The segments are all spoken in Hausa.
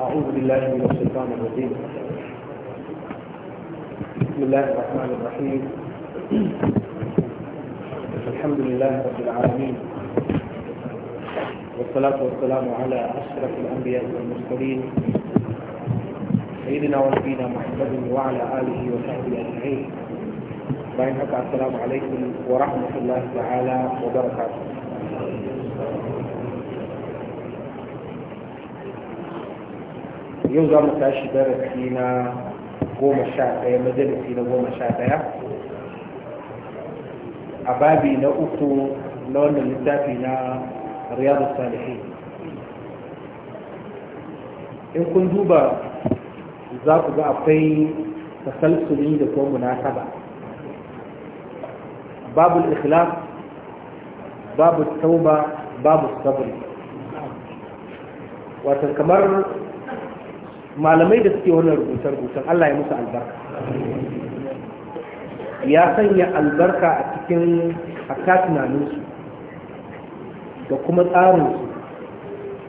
أعوذ بالله من الشيطان الرجيم بسم الله الرحمن الرحيم الحمد لله رب العالمين والصلاة والسلام على أشرف الأنبياء والمرسلين سيدنا ونبينا محمد وعلى آله وصحبه أجمعين السلام عليكم ورحمة الله تعالى وبركاته yau za mu tashi darasi na goma sha ɗaya majalisi na goma sha ɗaya a babi na uku na wannan littafi na riyadu salihin in kun duba za ku ga akwai tasalsuli da kuma munasaba babu ikhlas babu tauba babu sabri wato kamar malamai da suke wannan rubuce-rubucen Allah ya musu albarka ya sanya albarka a cikin tunaninsu da kuma tsarinsu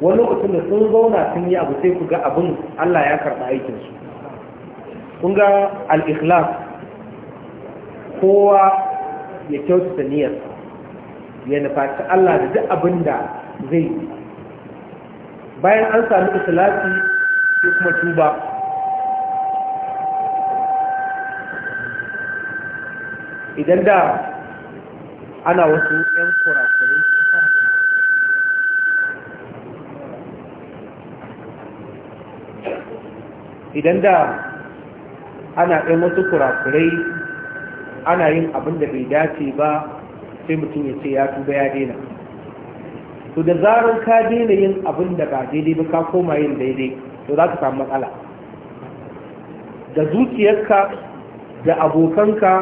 wani lokacin da sun zauna sun yi abu sai ku ga abin Allah ya karɓa aikinsu kun ga al-ikhlas kowa ya kyautata niyyar ya nufaci Allah da duk abin da zai bayan an sami ikhlasi kuma tuba idan da ana wasu yan kurakurai idan da ana ɗan wasu kurakurai ana yin abin da bai dace ba sai mutum ya ce ya tuba ya daina to da zarar ka daina yin abin da ba daidai ba ka koma yin daidai to za ka samu matsala da zuciyarka da abokanka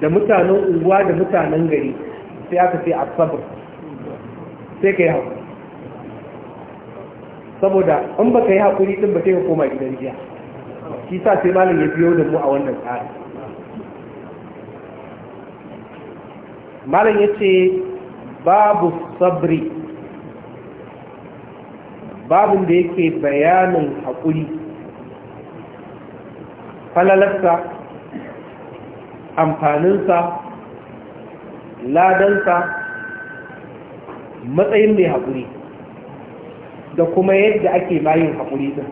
da mutanen unguwa da mutanen gari sai aka sai a sabar sai ka yi haƙuri saboda in ba ka yi haƙuri tun ba sai ka koma gidan jiya shi sa sai malam ya biyo da mu a wannan tsari malam ya ce babu sabri babin da yake bayanin haƙuri falalarsa amfaninsa ladansa matsayin mai hakuri. da kuma yadda ake mayin haƙuri din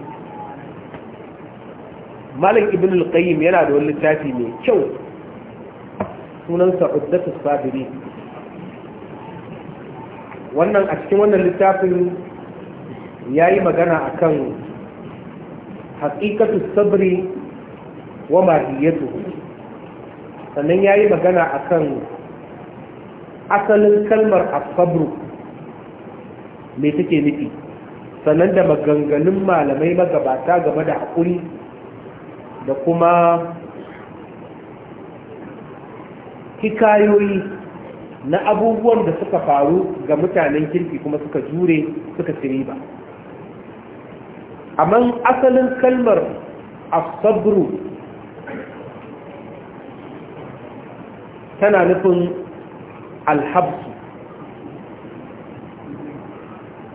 malik ibn al-qayyim yana da wani littafi mai kyau sunansa uddatus sabiri wannan a cikin wannan littafin ya yi magana a kan haƙiƙatu sabri wa mahiyyatu sannan ya yi magana a kan asalin kalmar asabru mai take nufi sannan da maganganun malamai magabata game da haƙuri da kuma hikayoyi na abubuwan da suka faru ga mutanen kirki kuma suka jure suka siri ba amma asalin kalmar asabru tana nufin alhabsu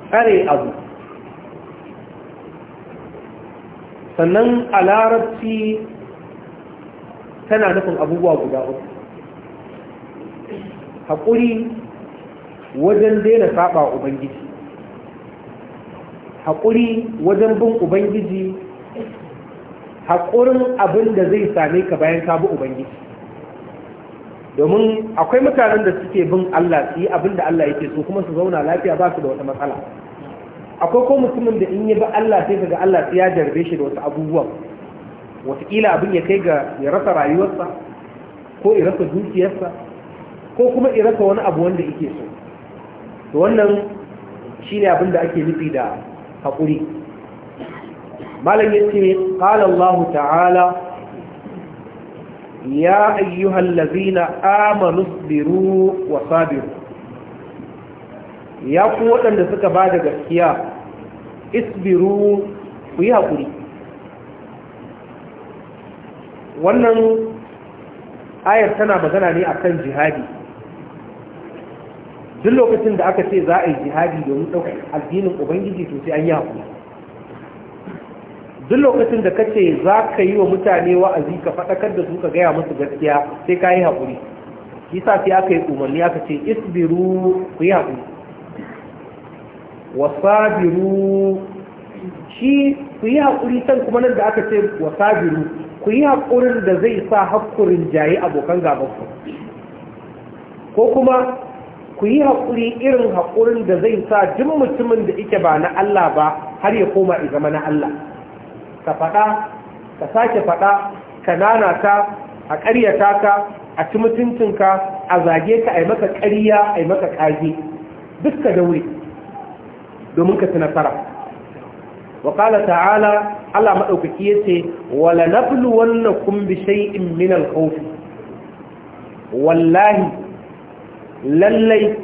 tsare abu sannan a larabci tana nufin abubuwa guda uku haƙuri wajen daina saba ubangiji haƙuri wajen bin ubangiji haƙurin abin da zai same ka bayan ka bi ubangiji domin akwai mutanen da suke bin Allah su yi abin da Allah yake so kuma su zauna lafiya ba su da wata matsala akwai ko mutumin da in yi ba Allah sai kaga Allah sai ya jarbe shi da wasu abubuwa wataƙila abin ya kai ga ya rasa rayuwarsa ko ya rasa dukiyarsa ko kuma ya rasa wani abu wanda yake so to wannan shine abin da ake nufi da malam ya ce ƙala Allah ta'ala ya ayyuhal lazina amanu biru wa sabiru ya ku waɗanda suka ba da gaskiya isbiru ku yi haƙuri wannan ayar tana magana ne akan jihadi duk lokacin da aka ce za a yi jihadi domin ɗaukar addinin ubangiji to sai an yi haƙuri duk lokacin da ka ce za ka yi wa mutane wa'azi ka faɗakar da su ka gaya musu gaskiya sai ka yi haƙuri sa sai aka yi umarni aka ce isbiru ku yi haƙuri wasabiru shi ku yi haƙuri can kuma nan da aka ce wasabiru ku yi haƙurin da zai sa haƙurin jaye abokan ku. ko kuma ku yi haƙuri irin haƙurin da zai sa duk mutumin da ike ba na Allah ba har ya koma zama na Allah ka faɗa ka sake faɗa ka nana ka a ƙaryata ka a ci mutuncinka a zage ka a yi maka ƙarya a yi maka ƙage duk ka daure domin ka ci nasara wa ta'ala Allah maɗaukaki ya ce wala naflu wannan kun bi min al wallahi lallai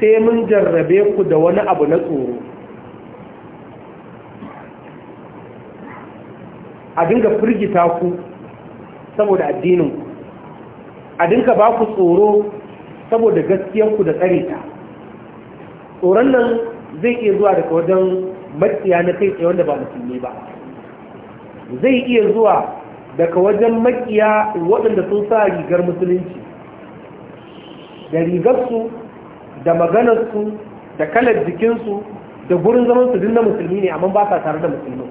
sai mun jarrabe ku da wani abu na tsoro a dinga firgita ku saboda addininku a dinga ba ku tsoro saboda ku da tsare ta tsoron nan zai iya zuwa daga wajen matsiya na kai tsaye wanda ba musulmi ba zai iya zuwa daga wajen makiya waɗanda sun sa rigar musulunci da rigarsu da maganarsu da kalar jikinsu da gurin zaman su dinna musulmi ne amma ba sa tare da musulmi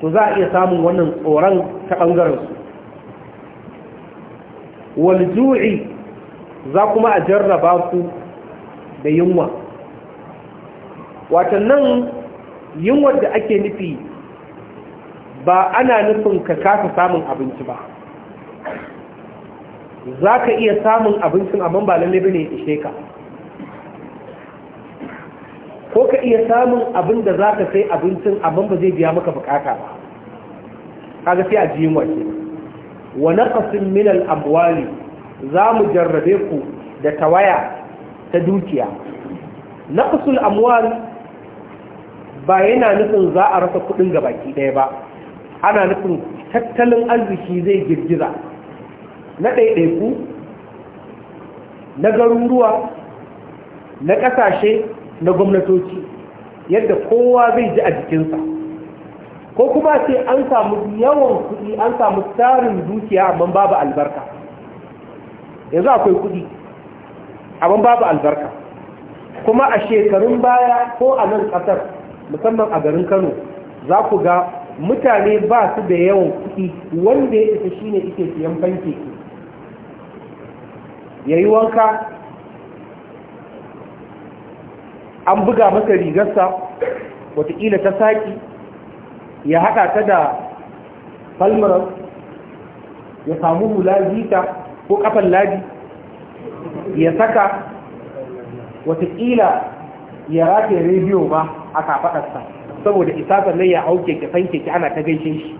to za a iya samun wannan tsoron ta ɓangarensu su ju'i za kuma a jarraba su da yunwa nan, yunwar da ake nufi ba ana nufin ka kasa samun abinci ba za ka iya samun abincin amma ba lalle bane ya ishe ka ko ka iya samun abin da za ka sai abincin amma ba zai biya maka bukata ba kaga sai a jiyin wake wa naqasin min al amwali za mu jarrabe ku da tawaya ta dukiya naqsul amwal ba yana nufin za a rasa kudin gabaki daya ba ana nufin tattalin arziki zai girgiza na ɗaiɗaiku na garuruwa na ƙasashe na gwamnatoci yadda kowa zai ji a jikinsa ko kuma sai an samu yawan kuɗi an samu tsarin dukiya amma babu albarka yanzu akwai kuɗi amma babu albarka kuma a shekarun baya ko a nan ƙasar musamman a garin kano za ku ga mutane ba su da yawan kuɗi wanda ya isa shine ike siyan banki ya yi wanka an buga masa rigarsa watakila ta saki ya haɗa ta da palmaras ya samu hula zita ko ƙafan ladi ya saka watakila ya rataye rediyo ba a kafaɗarsa saboda isa sannan ya hau keke fanke ki ana ta gaishe shi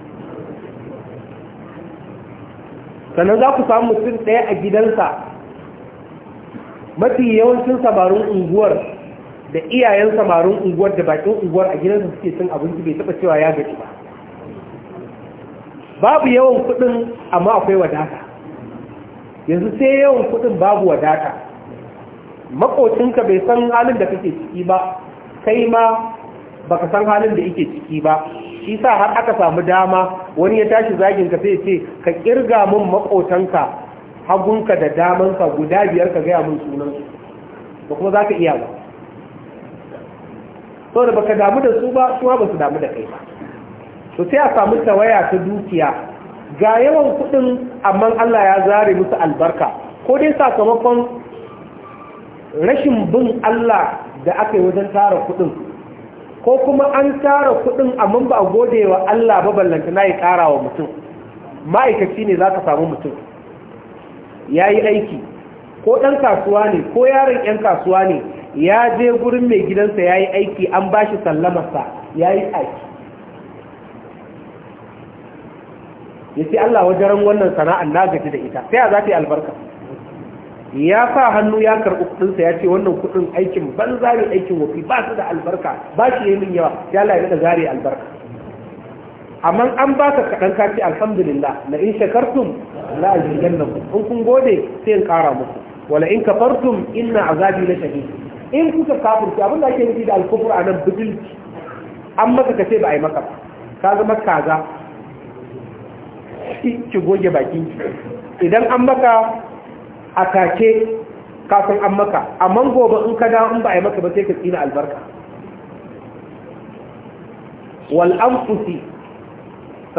sannan za ku samu mutum ɗaya a gidansa mafi yawancin samarin unguwar da iyayen samarin unguwar da bakin unguwar a gidansa suke cin abinci bai taba cewa ya gaji ba babu yawan kudin amma akwai wadata yanzu sai yawan kudin babu wadata makocinka bai san halin da kake ciki ba kai ma baka san halin da yake ciki ba shi sa har aka samu dama wani ya tashi zagin ka sai ce ka kirga mun makotanka hagunka da damanka guda biyar ka gaya mun sunan su ba kuma za ka iya ba so da baka damu da su ba kuma ba su damu da kai ba to sai a samu tawaya ta dukiya ga yawan kuɗin amma Allah ya zare musu albarka ko dai sakamakon rashin bin Allah da aka yi wajen tara kuɗin ko kuma an tara kuɗin amma ba a gode wa Allah ba ballanta ya yi tara wa mutum ma'aikaci ne za ka samu mutum ya yi aiki ko ɗan kasuwa ne ko yaron 'yan kasuwa ne ya je gurin mai gidansa ya yi aiki an ba shi sallamarsa ya yi aiki ya ce Allah wajen wannan sana'an na gaji da ita sai a za ta yi albarka ya sa hannu ya karɓi kuɗinsa ya ce wannan kuɗin aikin ban zari aikin wafi ba su da albarka ba shi yi min yawa ya la da zari albarka amma an ka kaɗan kaci alhamdulillah na in shakartum la azidannakum in kun gode sai in ƙara muku wala in ina a zafi na shahi in kuka kafirci abin da ake nufi da alkufur a nan bidilci an maka kace ba a yi maka ba ka zama kaza ki goge bakin idan an maka a take kafin an maka amma gobe in ka dawo in ba a yi maka ba sai ka tsina albarka wal anfusi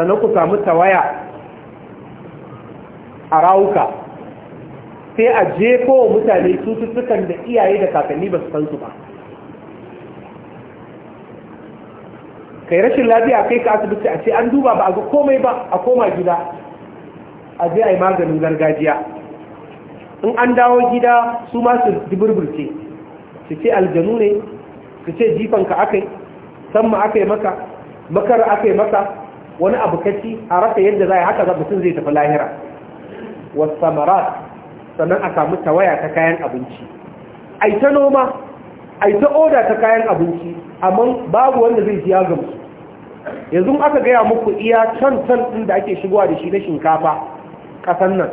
sannan ku samu tawaya a rawuka sai a jefo wa mutane cututtukan da iyaye da kakanni ba su san su ba kai rashin lafiya kai ka asibiti a ce an duba ba a ga komai ba a koma gida a je a yi maganin gargajiya in an dawo gida su ma su duburburce su ce aljanu ne su ce jifanka aka yi sanma aka yi maka makar aka yi maka wani abu kaci a rasa yadda za a yi haka za mutum zai tafi lahira wasu samarat, sannan a samu tawaya ta kayan abinci A ta noma a ta oda ta kayan abinci amma babu wanda zai ji gamsu yanzu aka gaya muku iya can can ɗin da ake shigowa da shi na shinkafa ƙasan nan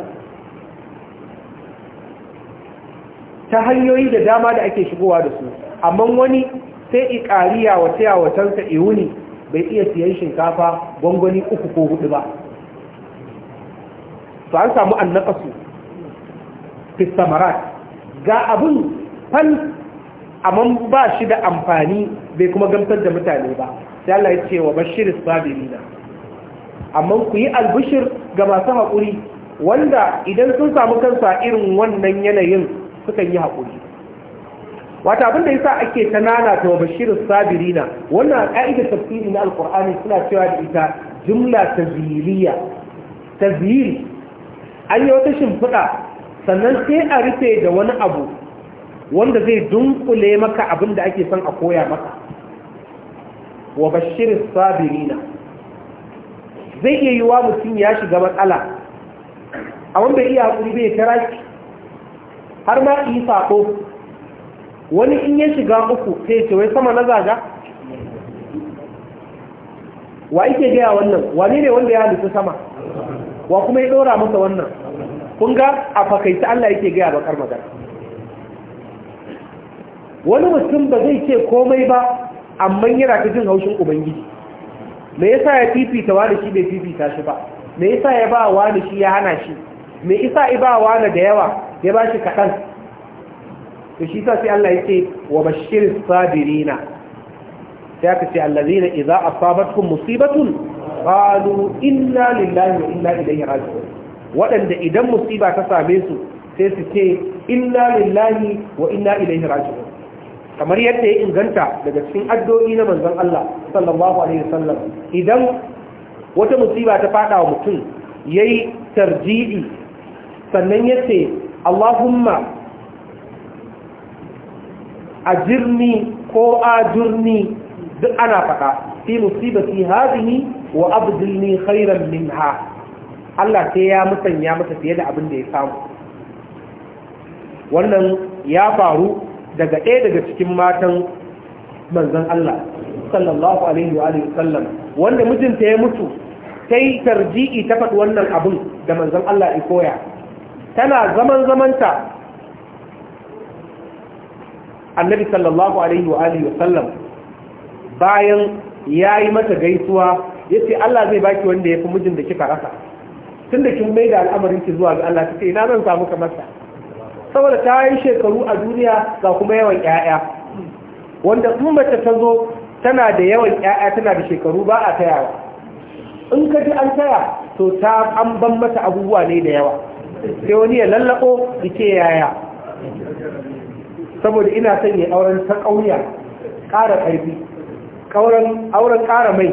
ta hanyoyi da dama da ake shigowa da su amma wani sai ikariya wa tsayawatansa iwuni bai iya siyan shinkafa gwangwani uku ko hudu ba to an samu annakasu fi samarat ga abin fan amma ba shi da amfani bai kuma gamsar da mutane ba sai Allah ya ce wa bashir na. amma ku yi albishir ga masu haƙuri wanda idan sun samu kansa irin wannan yanayin sukan yi haƙuri wata abin da yasa ake ta nana ta bashir sabirina wannan ka'ida tafsiri na alqur'ani suna cewa da ita jumla taziliya tazhir an yi wata shimfiɗa sannan sai a rufe da wani abu wanda zai dunkule maka abin da ake son a koya maka wa bashir sabirina zai iya yi wa mutum ya shiga matsala a wanda iya haƙuri bai kira shi har ma yi sako wani in ya shiga uku sai ce wai sama na zaga wa ike gaya wannan wani ne wanda ya halittu sama wa kuma ya dora masa wannan kun ga a fakaita Allah yake gaya bakar magana wani mutum ba zai ce komai ba amma yana ta jin haushin ubangiji me yasa ya fifita wani shi bai fifita shi ba me yasa ya ba wani shi ya hana shi me yasa ya ba wani da yawa ya ba shi kaɗan to shi sa sai Allah yake wa bashir sabirina sai aka ce allazina idza asabatkum musibatun qalu inna lillahi wa inna ilaihi raji'un wadanda idan musiba ta same su sai su ce inna lillahi wa inna ilaihi raji'un kamar yadda ya inganta daga cikin addu'o'i na manzon Allah sallallahu alaihi wasallam idan wata musiba ta fada wa mutum yayi tarji'i sannan yace Allahumma A ajirni ko ajurni duk ana faɗa fi musibati hadhihi wa abdilni khairan minha Allah sai ya musanya masa fiye da abin da ya samu wannan ya faru daga ɗaya daga cikin matan manzon Allah sallallahu alaihi wa sallam wanda mijinta ya mutu sai tarji'i ta faɗi wannan abin da manzon Allah ya koya tana zaman zamanta annabi sallallahu alaihi wa alihi wa sallam bayan yayi mata gaisuwa yace Allah zai baki wanda yafi mijin da kika rasa tunda kin mai da al'amarin ki zuwa ga Allah kike ina zan samu kamar sa saboda ta yi shekaru a duniya ga kuma yawan 'ya'ya. wanda in mace ta zo tana da yawan 'ya'ya, tana da shekaru ba a tayawa in ka ji an taya to ta an ban mata abubuwa ne da yawa sai wani ya lallako dike yaya saboda ina son auren ta ƙauya ƙara ƙarfi auren ƙara mai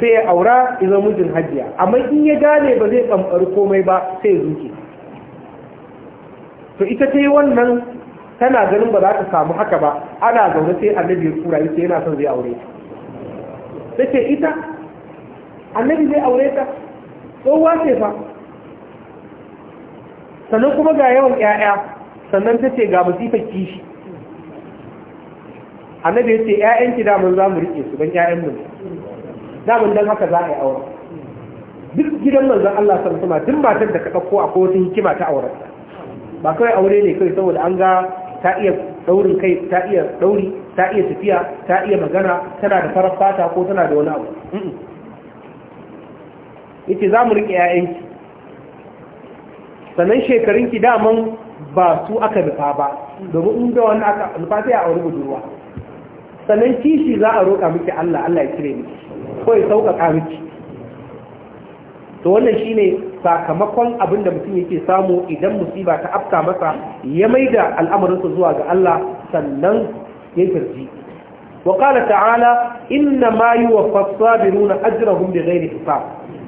sai ya aura izo mijin hajiya amma in ya gane ba zai tsamfari komai ba sai zuke to ita ta yi wannan tana ganin ba za ta samu haka ba ana zaune sai annabi ya kura sai yana son zai aure ta ce ita annabi zai aure ta tsohuwa ce fa sannan kuma ga yawan 'ya'ya sannan ta ce ga masifar kishi annabi ya ce ‘ya'yanki damar za mu riƙe su don mu damar don haka za a yi aure duk gidan manzan Allah san suma duk matar da ka ɗauko a kowace hikima ta auren ba kawai aure ne kai saboda an ga ta iya ɗaurin kai ta iya ɗauri ta iya tafiya ta iya magana tana da farar fata ko tana da wani abu yace za mu riƙe ‘ya'yanki sannan shekarunki daman ba su aka nufa ba domin in da wani aka nufa sai a wani budurwa sannan kishi za a roƙa miki Allah Allah ya cire miki ko ya sauƙaƙa miki to wannan shine sakamakon abin da mutum yake samu idan musiba ta afka masa ya maida al'amarinsa zuwa ga Allah sannan ya kirji wa qala ta'ala inna ma yuwaffa as-sabiruna ajrahum bighairi hisab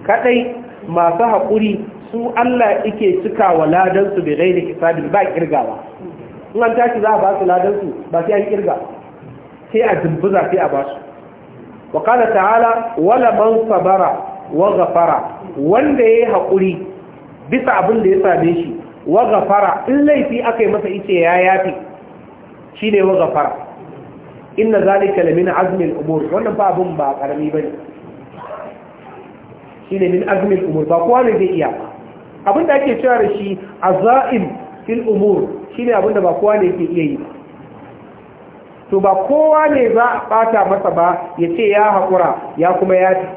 kadai masu haƙuri su Allah ike cika wa ladan su bi ghairi hisabin ba kirgawa in an tashi za a ba su ladan su ba sai an kirga sai a dumbuza sai a ba su wa qala ta'ala wala man sabara wa ghafara wanda yayi hakuri bisa abin da ya same shi wa ghafara in laifi akai masa ice ya yafi shine wa ghafara inna zalika lamin azmi al-umur wannan ba abun ba karami bane shine min azmi al-umur ba kowa ne zai iya ba abin da ake cewa da shi a za'in fil umur shine abin da ba kowa ne ke iya yi to ba kowa ne za a bata masa ba ya ce ya haƙura ya kuma ya ce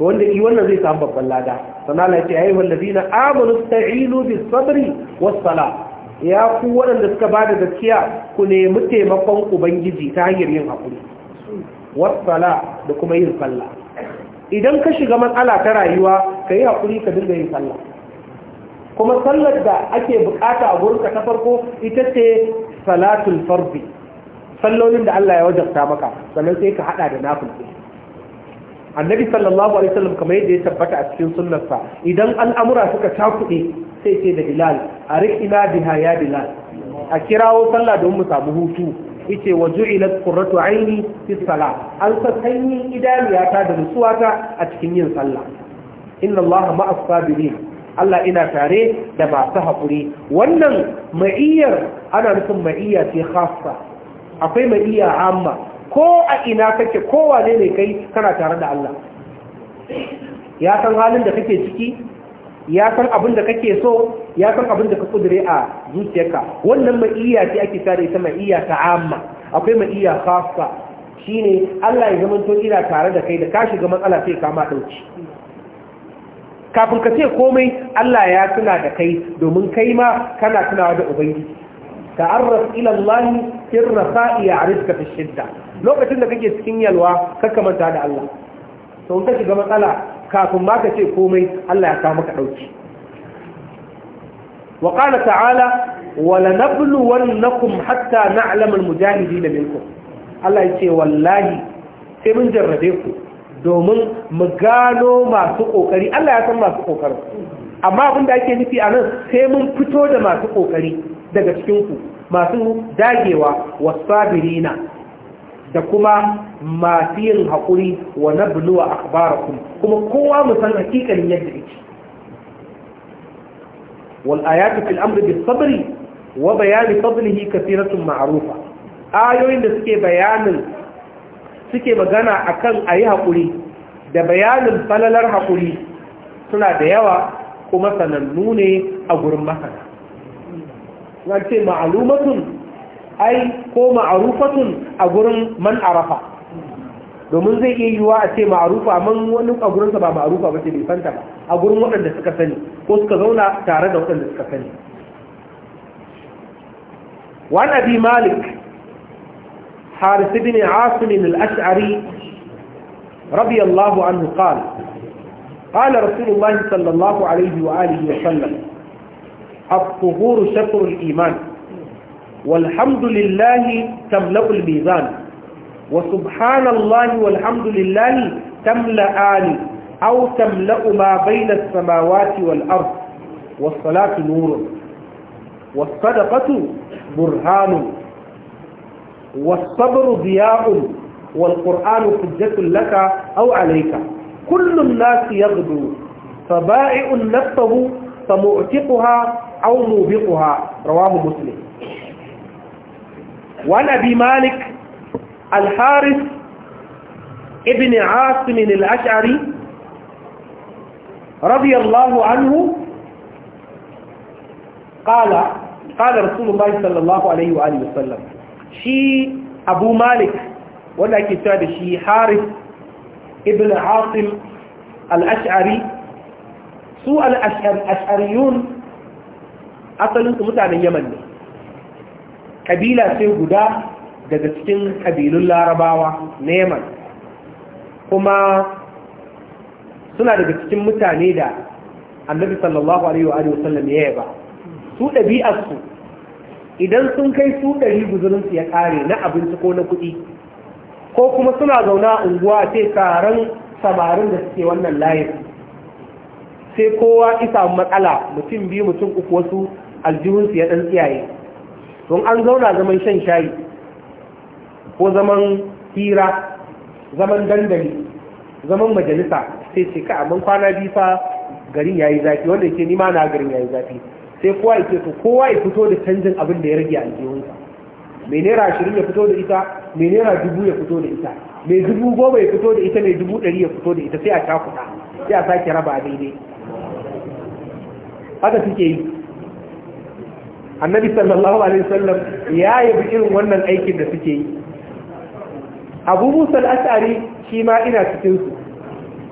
wanda yi wannan zai samu babban lada sana la ce ayyuhal ladina amanu ta'inu bis sabri was sala ya ku waɗanda suka bada gaskiya ku nemi taimakon ubangiji ta hanyar yin haƙuri was sala da kuma yin sallah idan ka shiga matsala ta rayuwa ka yi haƙuri ka dinga yin sallah kuma sallar da ake bukata a gurinka ta farko ita ce salatul farzi sallolin da Allah ya wajabta maka sannan sai ka haɗa da nafilci annabi sallallahu alaihi wasallam kamar yadda ya tabbata a cikin sunnarsa idan al'amura suka takuɗe sai ce da bilal a ina biha ya bilal a kirawo sallah don mu samu hutu yace wa ju'ilat qurratu aini fi salah an sa sanyin idaniyata da nutsuwata a cikin yin sallah inna Allah ma'as sabirin Allah ina tare da masu haƙuri wannan ma'iyyar ana nufin ma'iyya ce khassa akwai ma'iyya amma ko a ina kake kowa ne ne kai kana tare da Allah ya san halin da kake ciki ya san abin da kake so ya san abin da ka kudure a zuciyarka wannan ma'iyya ce ake tare ta ma'iyya ta amma akwai ma'iyya khassa shine Allah ya zama to ina tare da kai da ka shiga matsala sai ka ma dauki kafin ka ce komai Allah ya tuna da kai domin kai ma kana tunawa da ubangiji ta'arraf ila Allah fir rafa'i ya'rifka fi shidda lokacin da kake cikin yalwa ka manta da Allah to in ka shiga matsala kafin ma ka ce komai Allah ya kawo maka dauki wa qala ta'ala wa lanabluwannakum hatta na'lamu al-mujahidin minkum Allah ya ce wallahi sai mun jarrabe ku domin mu gano masu kokari Allah ya san masu kokari amma abin da ake nufi a nan sai mun fito da masu kokari daga cikin cikinku masu dagewa wasabirina da kuma masu yin haƙuri wa na buluwa akbarakum kuma kowa mu san hakikalin yadda yake wal ayatu fil amri bis sabri wa bayani fadlihi kathiratun ma'rufa ayoyin da suke bayanin suke magana akan a yi haƙuri da bayanin falalar haƙuri suna da yawa kuma sanannu ne a gurin masana wance ma'alumatun ai ko ma'arufatun a gurin man arafa domin zai iya yiwuwa a ce ma'arufa man wani a gurinsa ba ma'arufa ba ce bai fanta ba a gurin waɗanda suka sani ko suka zauna tare da waɗanda suka sani wani abi malik حارث بن عاصم الأشعري رضي الله عنه قال قال رسول الله صلى الله عليه وآله وسلم الطهور شكر الإيمان والحمد لله تملأ الميزان وسبحان الله والحمد لله تملأان أو تملأ ما بين السماوات والأرض والصلاة نور والصدقة برهان والصبر ضياء والقرآن حجة لك أو عليك كل الناس يغدو فبائع نفسه فمؤتقها أو موبقها رواه مسلم وعن أبي مالك الحارث ابن عاصم الأشعري رضي الله عنه قال قال رسول الله صلى الله عليه وآله وسلم shi abu malik wanda ake cewa da shi harif ibn hasim al'ash'ari su al'ash'ariyun asalinsu mutanen yaman ne ƙabila sai guda daga cikin ƙabilun larabawa na yaman kuma suna daga cikin mutane da annabi sallallahu alaihi wa sallam ya yaba su ɗabi'arsu idan sun kai su ɗari guzurinsu ya ƙare na abinci ko na kuɗi ko kuma suna zauna a unguwa ce tsaron samarin da suke wannan layin sai kowa isa matsala mutum biyu mutum uku wasu aljihunsu ya ɗan tsiyaye don an zauna zaman shan shayi ko zaman hira zaman dandali zaman majalisa sai ce ka abin kwana bisa garin yayi zafi wanda ke nima na garin yayi zafi sai kowa ya ce to kowa ya fito da canjin abin da ya rage aljihunsa mai naira ashirin ya fito da ita mai naira dubu ya fito da ita mai dubu goma ya fito da ita mai dubu ɗari ya fito da ita sai a cakuta, sai a sake raba daidai haka suke yi annabi sallallahu alaihi wasallam ya yabi irin wannan aikin da suke yi abu musa al'asari shi ma ina cikinsu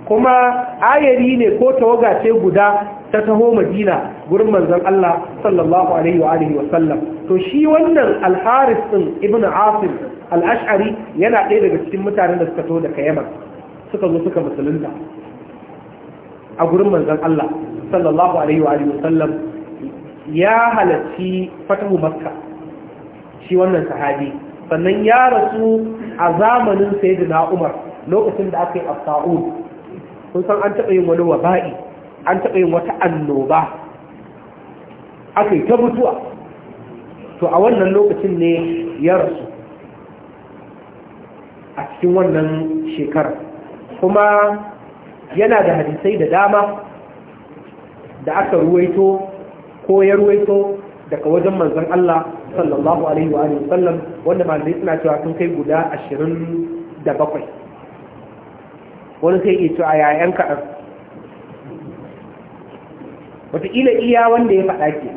kuma ayari ne ko tawaga ce guda ta taho madina gurin manzon Allah sallallahu alaihi wa alihi wa sallam to shi wannan al din ibnu asim al-ash'ari yana ɗaya daga cikin mutanen da suka to daga yaman suka zo suka musulunta a gurin manzon Allah sallallahu alaihi wa alihi wa sallam ya halarci fatahu makka shi wannan sahabi sannan ya rasu a zamanin sayyidina umar lokacin da aka yi as kun san an taɓa yin wani waba'i an taɓa yin wata annoba aka yi ta mutuwa to a wannan lokacin ne ya rasu a cikin wannan shekarar? kuma yana da hadisai da dama da aka ruwaito ko ya ruwaito daga wajen manzan Allah sallallahu alaihi wa sallam wanda malamai suna cewa sun kai guda ashirin da bakwai wani sai ke cewa yayan kaɗan wataƙila iya wanda ya faɗa ke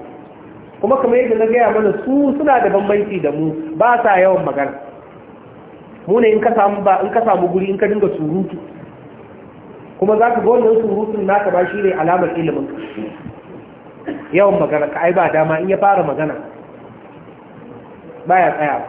kuma kamar yadda na gaya mana su suna da bambanci da mu ba sa yawan magana mu ne in ka samu guri in ka dinga surutu kuma za ka ga wannan surutun naka ba shi ne alamar ilimin ka yawan magana ka ai ba dama in ya fara magana Ba ya tsaya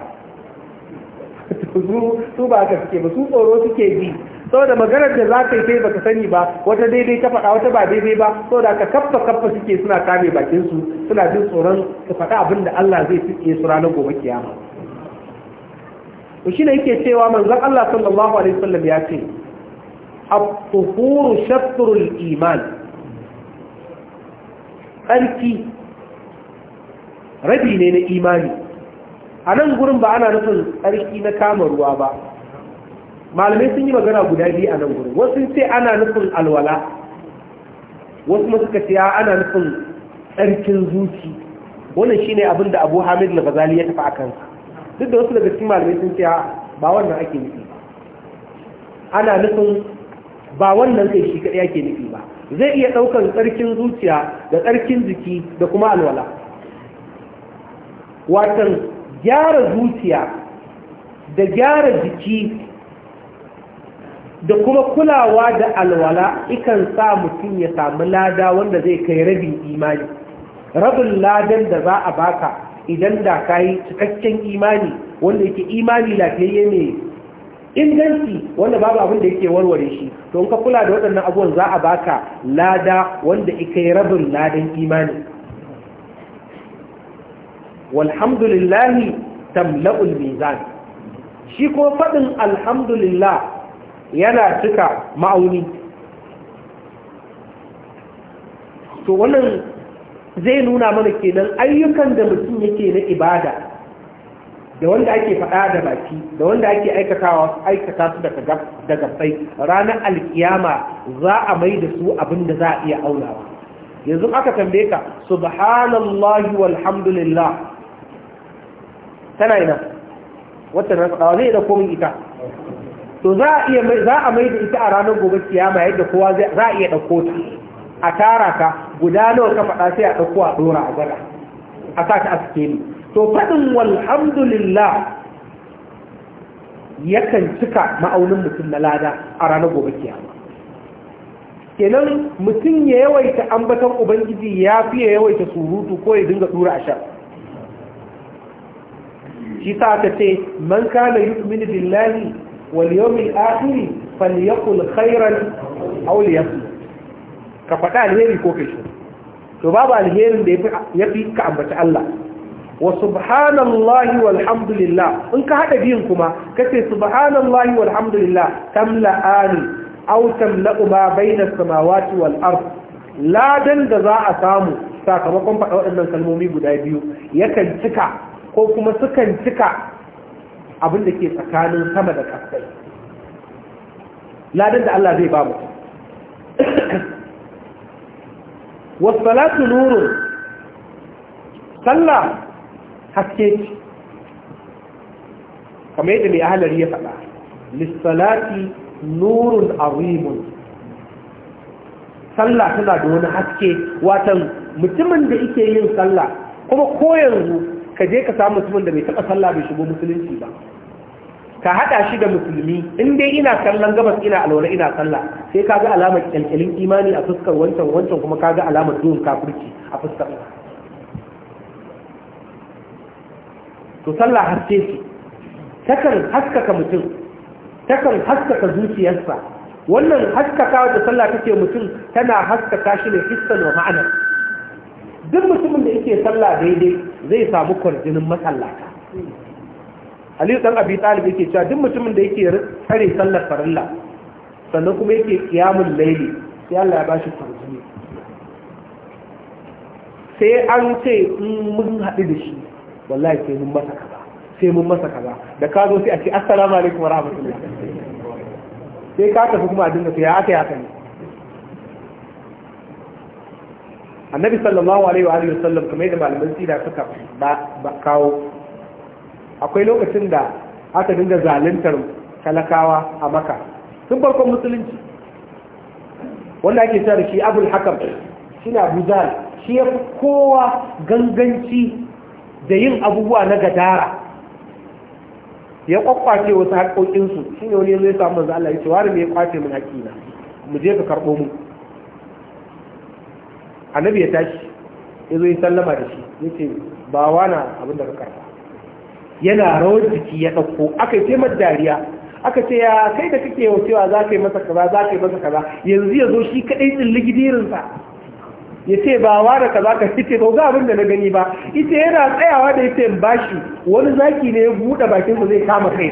su ba ka suke ba su tsoro suke bi saboda maganar da za ka yi sai baka sani ba wata daidai ta faɗa wata ba daidai ba saboda ka kaffa kaffa suke suna kame bakin su suna jin tsoron ka faɗa abin da Allah zai tsike su ranar gobe kiyama shi ne yake cewa manzon Allah sallallahu alaihi wasallam ya ce at shatrul iman tsarki rabi ne na imani a nan gurin ba ana nufin tsarki na kama ruwa ba malamai sun yi magana guda biyu a nan gurin wasu ce ana nufin alwala wasu masu suka ce ana nufin tsarkin zuci wannan shi ne abinda Abu Hamid na ghazali ya tafi a kansa duk da wasu daga cikin malamai sun ce ba wannan ake nufi ana nufin ba wannan kai shi kaɗai ake nufi ba zai iya ɗaukar tsarkin zuciya da tsarkin jiki da kuma alwala watan gyara zuciya da gyara jiki da kuma kulawa da alwala ikan sa mutum ya samu lada wanda zai kai rabin imani rabin ladan da za a baka idan da ka yi cikakken imani wanda yake imani lafiyayye ne inganci wanda babu abin da yake warware shi to in ka kula da waɗannan abubuwan za a baka lada wanda ika yi rabin ladan imani walhamdulillahi tamla'ul mizan shi ko faɗin alhamdulillah yana cika ma'auni to wannan zai nuna mana kenan ayyukan da mutum yake na ibada da wanda ake faɗa da baki da wanda ake aikatawa aikata su da gabbai ranar alkiyama za a mai da su abin da za a iya aunawa yanzu aka tambaye ka subhanallahi walhamdulillah tana ina wata na faɗawa zai da komin ita to za a iya za a mai da ita a ranar gobe kiyama yadda kowa za a iya ɗauko ta a tara ka guda nawa ka faɗa sai a ɗauko a ɗora a gada a sa ta a sikeli to faɗin walhamdulillah yakan cika ma'aunin mutum na lada a ranar gobe kiyama kenan mutum ya yawaita ambaton ubangiji ya fi ya yawaita surutu ko ya dinga tura a sha shi sa ta ce man kana yu'minu billahi wal yawmil akhir falyakul khairan aw liyasmut ka faɗa alheri ko kai to babu alherin da yafi ka ambaci Allah wa subhanallahi walhamdulillah in ka haɗa biyan kuma kace subhanallahi walhamdulillah tamla'ani aw tamla'u ma bayna samawati wal ladan da za a samu sakamakon faɗa waɗannan kalmomi guda biyu yakan cika ko kuma sukan cika abin da ke tsakanin sama da kasai ladan da Allah zai ba mutum wasu nurun sallah haske ce kamar yadda mai ahalari ya faɗa lissalati nurun azimun sallah tana da wani haske watan mutumin da ike yin sallah kuma ko yanzu ka je ka samu mutumin da bai taɓa sallah bai shigo musulunci ba ka haɗa shi da musulmi in dai ina kallon gabas ina alwala ina sallah sai ka ga alamar kyalkyalin imani a fuskar wancan wancan kuma ka ga alamar duhun kafirci a fuskar to sallah haske shi takan haskaka mutum takan haskaka zuciyarsa wannan haskaka da sallah take mutum tana haskaka shi ne hissan wa ma'ana duk mutumin da yake sallah daidai zai samu kwarjinin masallata aliyu dan abi talib yake cewa duk mutumin da yake tsare sallar farilla sannan kuma yake kiyamun laili sai Allah ya bashi farjini sai an ce in mun haɗu da shi wallahi sai mun masa kaza sai mun masa kaza da ka zo sai a ce assalamu alaikum wa rahmatullah sai ka tafi kuma a dinga sai ya aka yi haka annabi sallallahu alaihi wa sallam wasallam kamar yadda malaman sira suka ba kawo akwai lokacin da aka dinga zaluntar talakawa a maka sun farkon musulunci wanda ake cewa da shi abul hakam shi na shi ya fi kowa ganganci da yin abubuwa na gadara ya kwakwace wasu haƙoƙinsu shi ne wani yanzu ya samu manzo Allah ya ce wari ya kwace min na? mu je ka karɓo mu annabi ya tashi ya zo yi sallama da shi ya ce ba wana abin da ka karɓa yana rawar jiki ya ɗauko aka ce mai dariya aka ce ya kai da kake yau cewa za ka yi masa kaza za ka yi masa kaza yanzu ya zo shi kaɗai tsilli gidirinsa ya ce ba wa da kaza ka fice ba ga abin da na gani ba ita yana tsayawa da ita yin bashi wani zaki ne ya buɗe bakinsa zai kama kai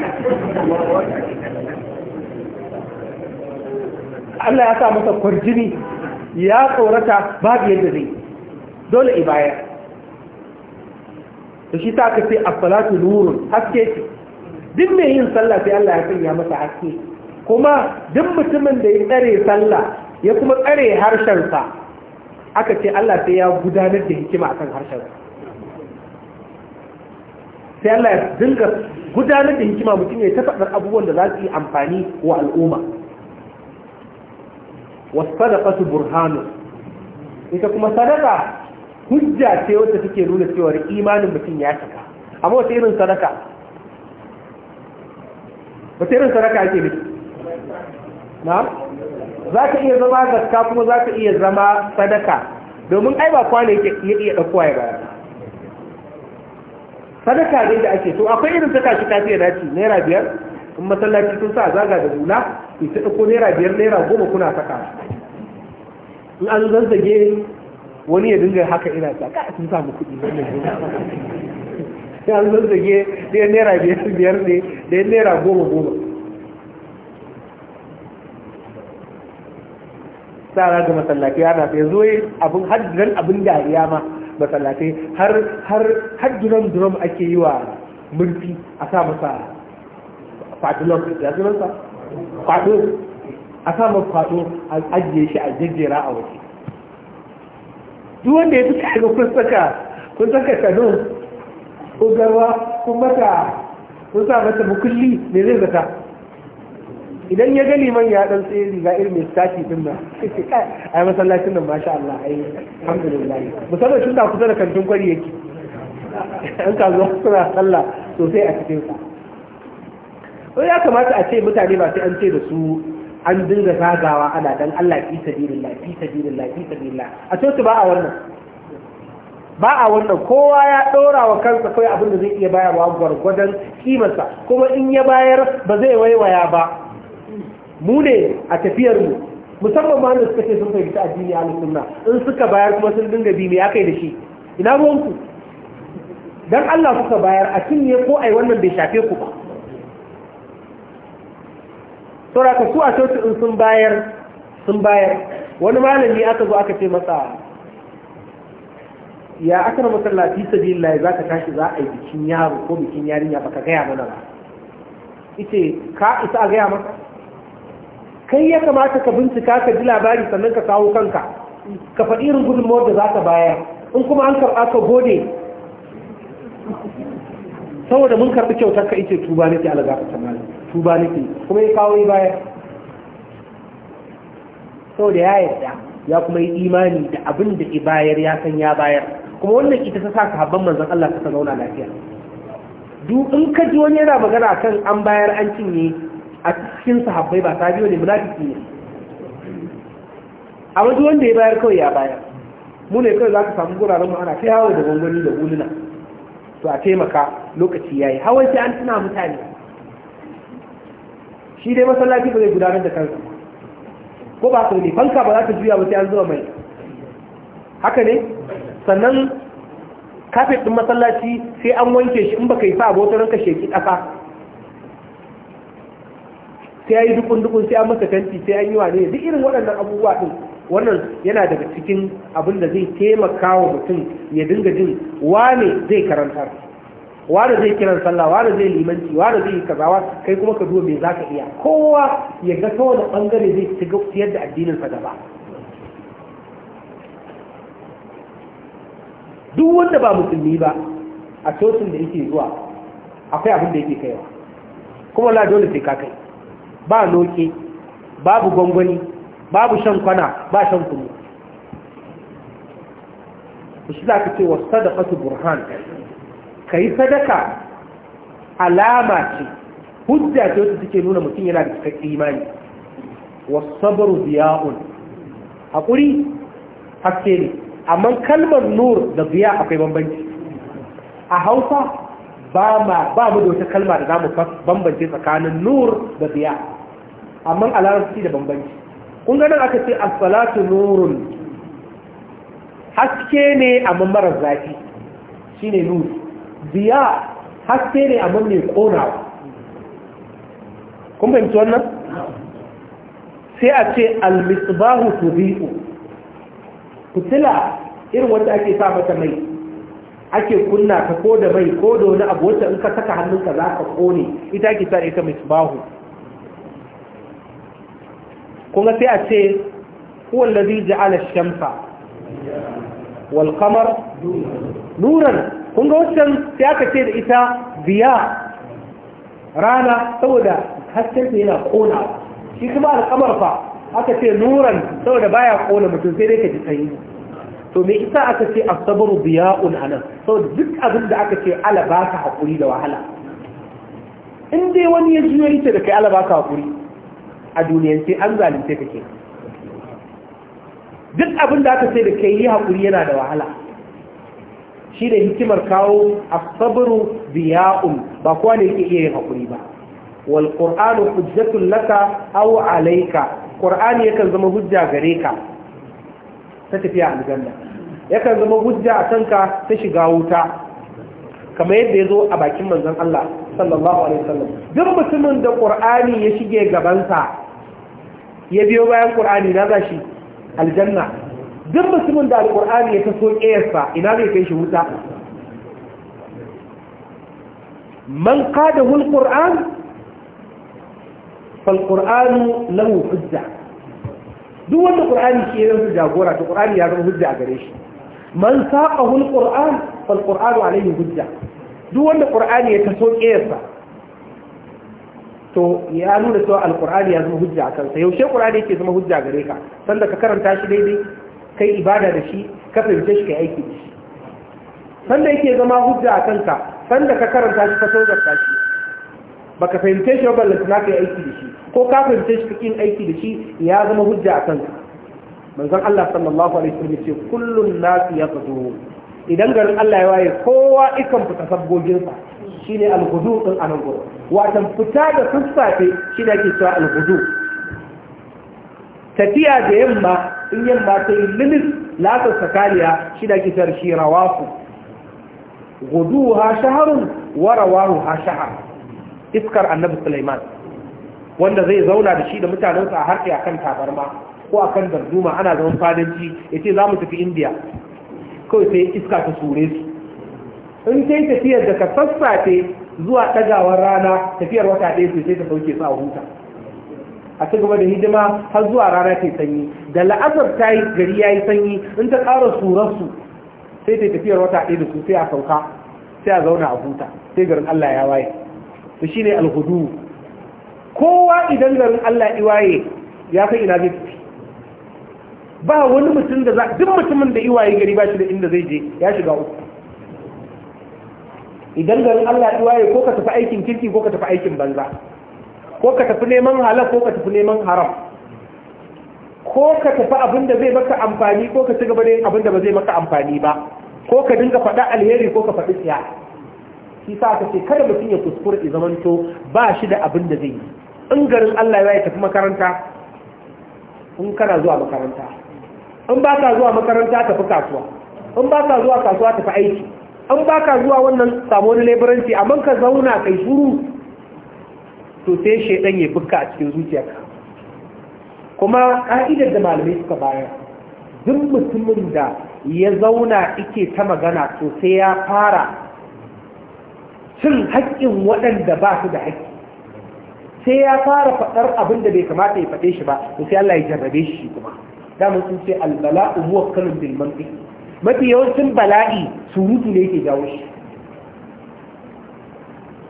Allah ya sa masa kwarjini ya tsorata babu yadda zai dole ibaya Da shi ta aka ce as-salatu nurun haske ce duk mai yin sallah sai Allah ya sanya masa haske kuma duk mutumin da ya tsare sallah ya kuma tsare harshensa aka ce Allah sai ya gudanar da hikima akan harshensa sai Allah ya dinga gudanar da hikima mutum ya ta faɗar abubuwan da za su yi amfani wa al'umma wasu sadaka su burhanu ita kuma sadaka hujja ce wacce suke nuna cewar imanin mutum ya cika amma wata irin sadaka wata irin sadaka ake nufi na za ka iya zama gaska kuma za ka iya zama sadaka domin ai ba kwana yake iya iya ɗaukowa ya bayar sadaka ne da ake to akwai irin saka shi kafiya dace naira biyar in masallaci sun sa zaga da hula ita ɗauko naira biyar naira goma kuna saka in an zazzage wani ya dinga haka ina ta ka sun samu kuɗi wannan ne an zan zage ɗaya naira biyar biyar ne ɗaya naira goma goma tsara ga masallaci ana sai zo abin haddan abin ya ma masallaci har har har drum ake yi wa murfi a sa masa fadilon ya sa fadilon a sa masa fadilon a ajiye shi a jejjera a waje duk wanda ya fita ga kun saka kun saka kano ko garwa kun mata kun sa mata mukulli me zai zata idan ya gani man ya dan tsaye riga irin mai staki din nan a yi masallacin nan masha Allah yi hamdulillahi musamman shi da kusa da kantin kwari yake an ka zo suna sallah sosai a cikin sa ya kamata a ce mutane ba sai an ce da su an dinga zagawa ana dan Allah fi sabilillah fi sabilillah fi sabilillah a coci ba a wannan ba a wannan kowa ya ɗora wa kansa kai abin da zai iya bayarwa gwargwadon kimarsa kuma in ya bayar ba zai waiwaya ba mu ne a tafiyar mu musamman ma da suka ce sun fahimci addini a sunna in suka bayar kuma sun dinga bi me ya kai da shi ina ruwanku dan Allah kuka bayar a cinye ko ai wannan bai shafe ku ba sauraka su a coci in sun bayar sun bayar wani malami aka zo aka ce masa ya aka na masallaci, fi lai za ka tashi za a yi bikin yaro ko bikin yarinya baka gaya mana ba ita ka isa a gaya maka kai ya kamata ka bincika ka ji labari sannan ka kawo kanka ka faɗi irin gudunmawar da za ka bayar in kuma an karɓa ka gode saboda mun karɓi kyautar ka ita tuba nake algafata malam tuba nake kuma ya kawo ya bayar da ya yarda ya kuma yi imani da abin da ke bayar ya san ya bayar kuma wannan ita ta sa sahabban manzan Allah suka zauna lafiya duk in ka ji wani yana magana kan an bayar an cinye a cikin sahabbai ba biyo ne munafiki ne a wajen wanda ya bayar kawai ya bayar mu ne kawai za ka samu guraren mu ana kai hawa da gwangwani da huluna to a taimaka lokaci ya yi. hawan sai an tuna mutane shi dai masallaci ba zai gudanar da kansa ko ba su ne fanka ba za ta juya ba sai an zuwa mai haka ne sannan kafet ɗin masallaci sai an wanke shi in ba ka yi sa abota ranka sheki ƙasa sai ya yi dukun dukun sai an masa kanti, sai an yi wa ne duk irin waɗannan abubuwa ɗin wannan yana daga cikin abin da zai taimaka wa mutum ya dinga jin wane zai karantar wanda zai kiran sallah wanda zai limanci wanda zai kazawa kai kuma ka duba me ka iya kowa ya ga ta wani bangare zai shiga ciyar da addinin ka gaba duk wanda ba musulmi ba a cocin da yake zuwa akwai abin da yake kaiwa kuma la dole sai ka kai ba loke babu gwangwani babu shan kwana ba shan kunu shi za ka ce wasu da fasu burhan ka yi sadaka alama ce hujja ce wata suke nuna mutum yana da cikakken imani wasabaru ziya'un haƙuri haske ne amma kalmar nur da ziya akwai bambanci a hausa ba mu da wata kalma da za mu bambance tsakanin nur da ziya amma a suke da bambanci kun ganin aka ce asfalatu nurun haske ne amma marar zafi shi ne nuru biya haske ne a mai konawa kun fahimci wannan sai a ce almisbahu tubi'u fitila irin wanda ake sa mata mai ake kunna ta ko da mai ko da wani abu wacce in ka saka hannunka za ka kone ita ake sa ita misbahu kuma sai a ce huwa allazi ja'ala ash-shamsa wal qamar nuran kun ga wancan sai aka ce da ita biya rana saboda hasken ta yana kona shi kuma alkamar fa aka ce nuran saboda baya kona mutum sai dai ka ji sanyi to me isa aka ce asabaru biya'un anan saboda duk abin da aka ce ala ka hakuri da wahala in dai wani ya juyo ita da kai ala ka hakuri a sai an zalunce kake duk abin da aka ce da kai yi hakuri yana da wahala shi da hikimar kawo a asabiru biya'un ba kowa ne ke iya yin haƙuri ba wal ƙor'anu hujjatun laka aw alaika. qur'ani yakan zama hujja gare ka ta tafiya aljanna yakan zama hujja a kanka ta shiga wuta kamar yadda ya zo a bakin manzan Allah sallallahu alaihi wasallam duk mutumin da ƙur'ani ya shige gabansa ya biyo bayan ƙur'ani na shi aljanna duk mutumin da alƙur'ani ya taso ƙeyarsa ina zai kai shi wuta man ka da hul ƙur'an falƙur'anu lahu hujja duk wanda ƙur'ani shi yanzu jagora to ƙur'ani ya zama hujja a gare shi man saƙa hul ƙur'an falƙur'anu alayhi hujja duk wanda ƙur'ani ya taso ƙeyarsa to ya nuna cewa alƙur'ani ya zama hujja a kansa yaushe ƙur'ani yake zama hujja gare ka sanda ka karanta shi daidai kai ibada da shi ka fahimce shi kai aiki da shi sanda yake zama hujja a kanka sanda ka karanta shi ka da shi baka fahimce shi ba ballanta ka kai aiki da shi ko ka fahimce shi kakin aiki da shi ya zama hujja a kanka manzon Allah sallallahu alaihi wasallam ce kullun nasu yaqdu idan garin Allah ya waye kowa ikan fita sabbogin sa shine al-ghudu din anan gurin watan fita da sassafe shine ake cewa al-ghudu tafiya da yamma in yamma ta yi limit latar sakaliya shi da kitar shi rawafu gudu ha shaharun rawahu ha shahar iskar annabi Sulaiman wanda zai zauna da shi da mutanensa a a akan tabarma ko akan darduma ana zaman fadanci ya ce za mu tafi indiya kawai sai iska ta sure su in ta yi tafiyar da ka sassafe zuwa ɗagawar rana tafiyar wata ɗaya sai ta sauke su a huta a ci gaba da hidima har zuwa rana ta sanyi da la'azar ta yi gari ya yi sanyi in ta ƙara surarsu sai ta tafiyar wata ɗaya da su sai a sauka sai a zauna a huta sai garin Allah ya waye to shine alhudu kowa idan garin Allah ya waye ya san ina zai tafi ba wani mutum da za duk mutumin da iwaye gari ba shi da inda zai je ya shiga uku idan garin Allah ya waye ko ka tafi aikin kirki ko ka tafi aikin banza ko ka tafi neman halal ko ka tafi neman haram ko ka tafi abin da zai maka amfani ko ka ci gaba da abin da ba zai maka amfani ba ko ka dinga faɗa alheri ko ka faɗi siya shi sa ka ce kada mutum ya kuskure ya zamanto ba shi da abin da zai yi in garin Allah ya tafi makaranta in kana zuwa makaranta in ba ka zuwa makaranta tafi kasuwa in ba ka zuwa kasuwa tafi aiki in ba ka zuwa wannan samu wani leburanci amma ka zauna kai shuru to sai shaidan ya fuska a cikin zuciyarka kuma ka'idar da malamai suka bayar duk mutumin da ya zauna ike ta magana to sai ya fara cin haƙƙin waɗanda ba su da haƙƙi sai ya fara faɗar abin da bai kamata ya faɗe shi ba to sai Allah ya jarrabe shi kuma dama sun ce albala'u muwakkalun bil bilman mafi yawancin bala'i surutu ne yake jawo shi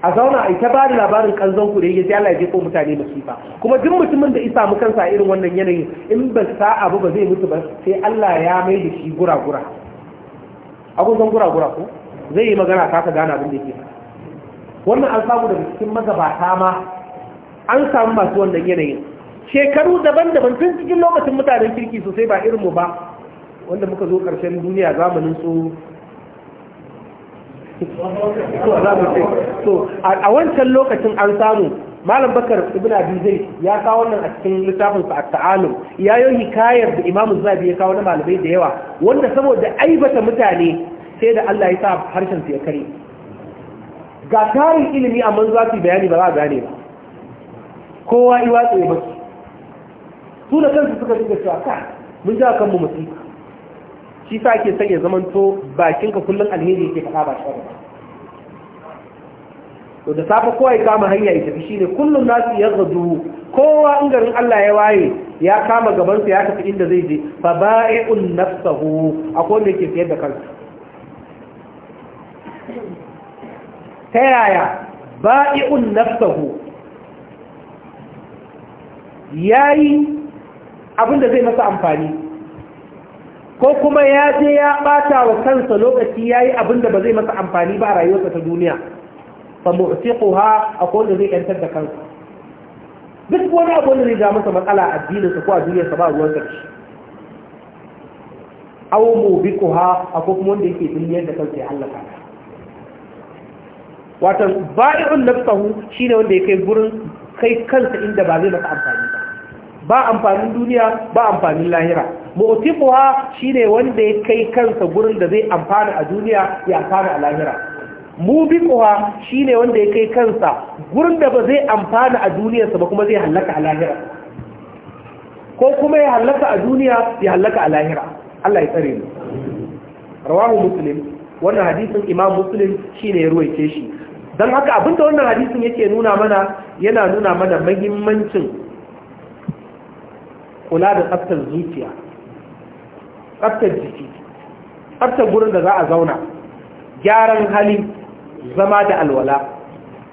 a zauna a ta bada labarin kanzon ku da yake sai Allah ya jefo mutane masifa kuma duk mutumin da isa mu kansa irin wannan yanayin in ba sa abu ba zai mutu ba sai Allah ya mai da shi gura-gura akwai zan gura-gura ko zai yi magana ta ka gana abin da yake wannan an samu daga cikin magabata ma an samu masu wannan yanayin shekaru daban-daban tun cikin lokacin mutanen kirki sosai ba irin mu ba wanda muka zo ƙarshen duniya zamanin su so a wancan lokacin an samu malam bakar ibn abi zai ya kawo wannan a cikin littafin sa at-ta'alum ya yi kayar da imam zabi ya kawo na malamai da yawa wanda saboda aibata mutane sai da Allah ya sa harshen su ya kare ga tarin ilimi a za bayani ba za a gane ba kowa iwatsa ya ba su kansu suka dinga cewa ka mun ja kanmu musiba shi sa ake sanya zamanto bakinka kullum alheri yake faɗa ba to da safe kowa ya kama hanya ya tafi ne kullum su ya gadu kowa in garin Allah ya waye ya kama gabansa ya tafi inda zai je fa ba'i'un nafsahu akwai kowanne yake fiye da kansa ta yaya ba'i'un nafsahu yayi abin da zai masa amfani ko kuma ya je ya ɓata wa kansa lokaci ya yi abin da ba zai masa amfani ba a rayuwarsa ta duniya fa mu'tiquha a da zai yantar da kansa duk wani abu da zai ga masa matsala a addininsa ko a duniyarsa ba ruwan sarki aw mubiquha akwai kuma wanda yake duniyar da kansa ya halaka wato ba'i'un nafsahu shine wanda yake gurin kai kansa inda ba zai masa amfani ba ba amfanin duniya ba amfanin lahira shi ne wanda ya kai kansa gurin da zai amfana a duniya ya amfana a lahira shi ne wanda ya kai kansa gurin da ba zai amfana a duniyarsa ba kuma zai hallaka a lahira ko kuma ya hallaka a duniya ya hallaka a lahira Allah ya tsare mu rawahu muslim wannan hadisin imam muslim ne ya ruwaice shi don haka abinda wannan hadisin yake nuna mana yana nuna mana mahimmancin kula da tsaftar zuciya tsaftar jiki tsaftar gurin da za a zauna gyaran hali zama da alwala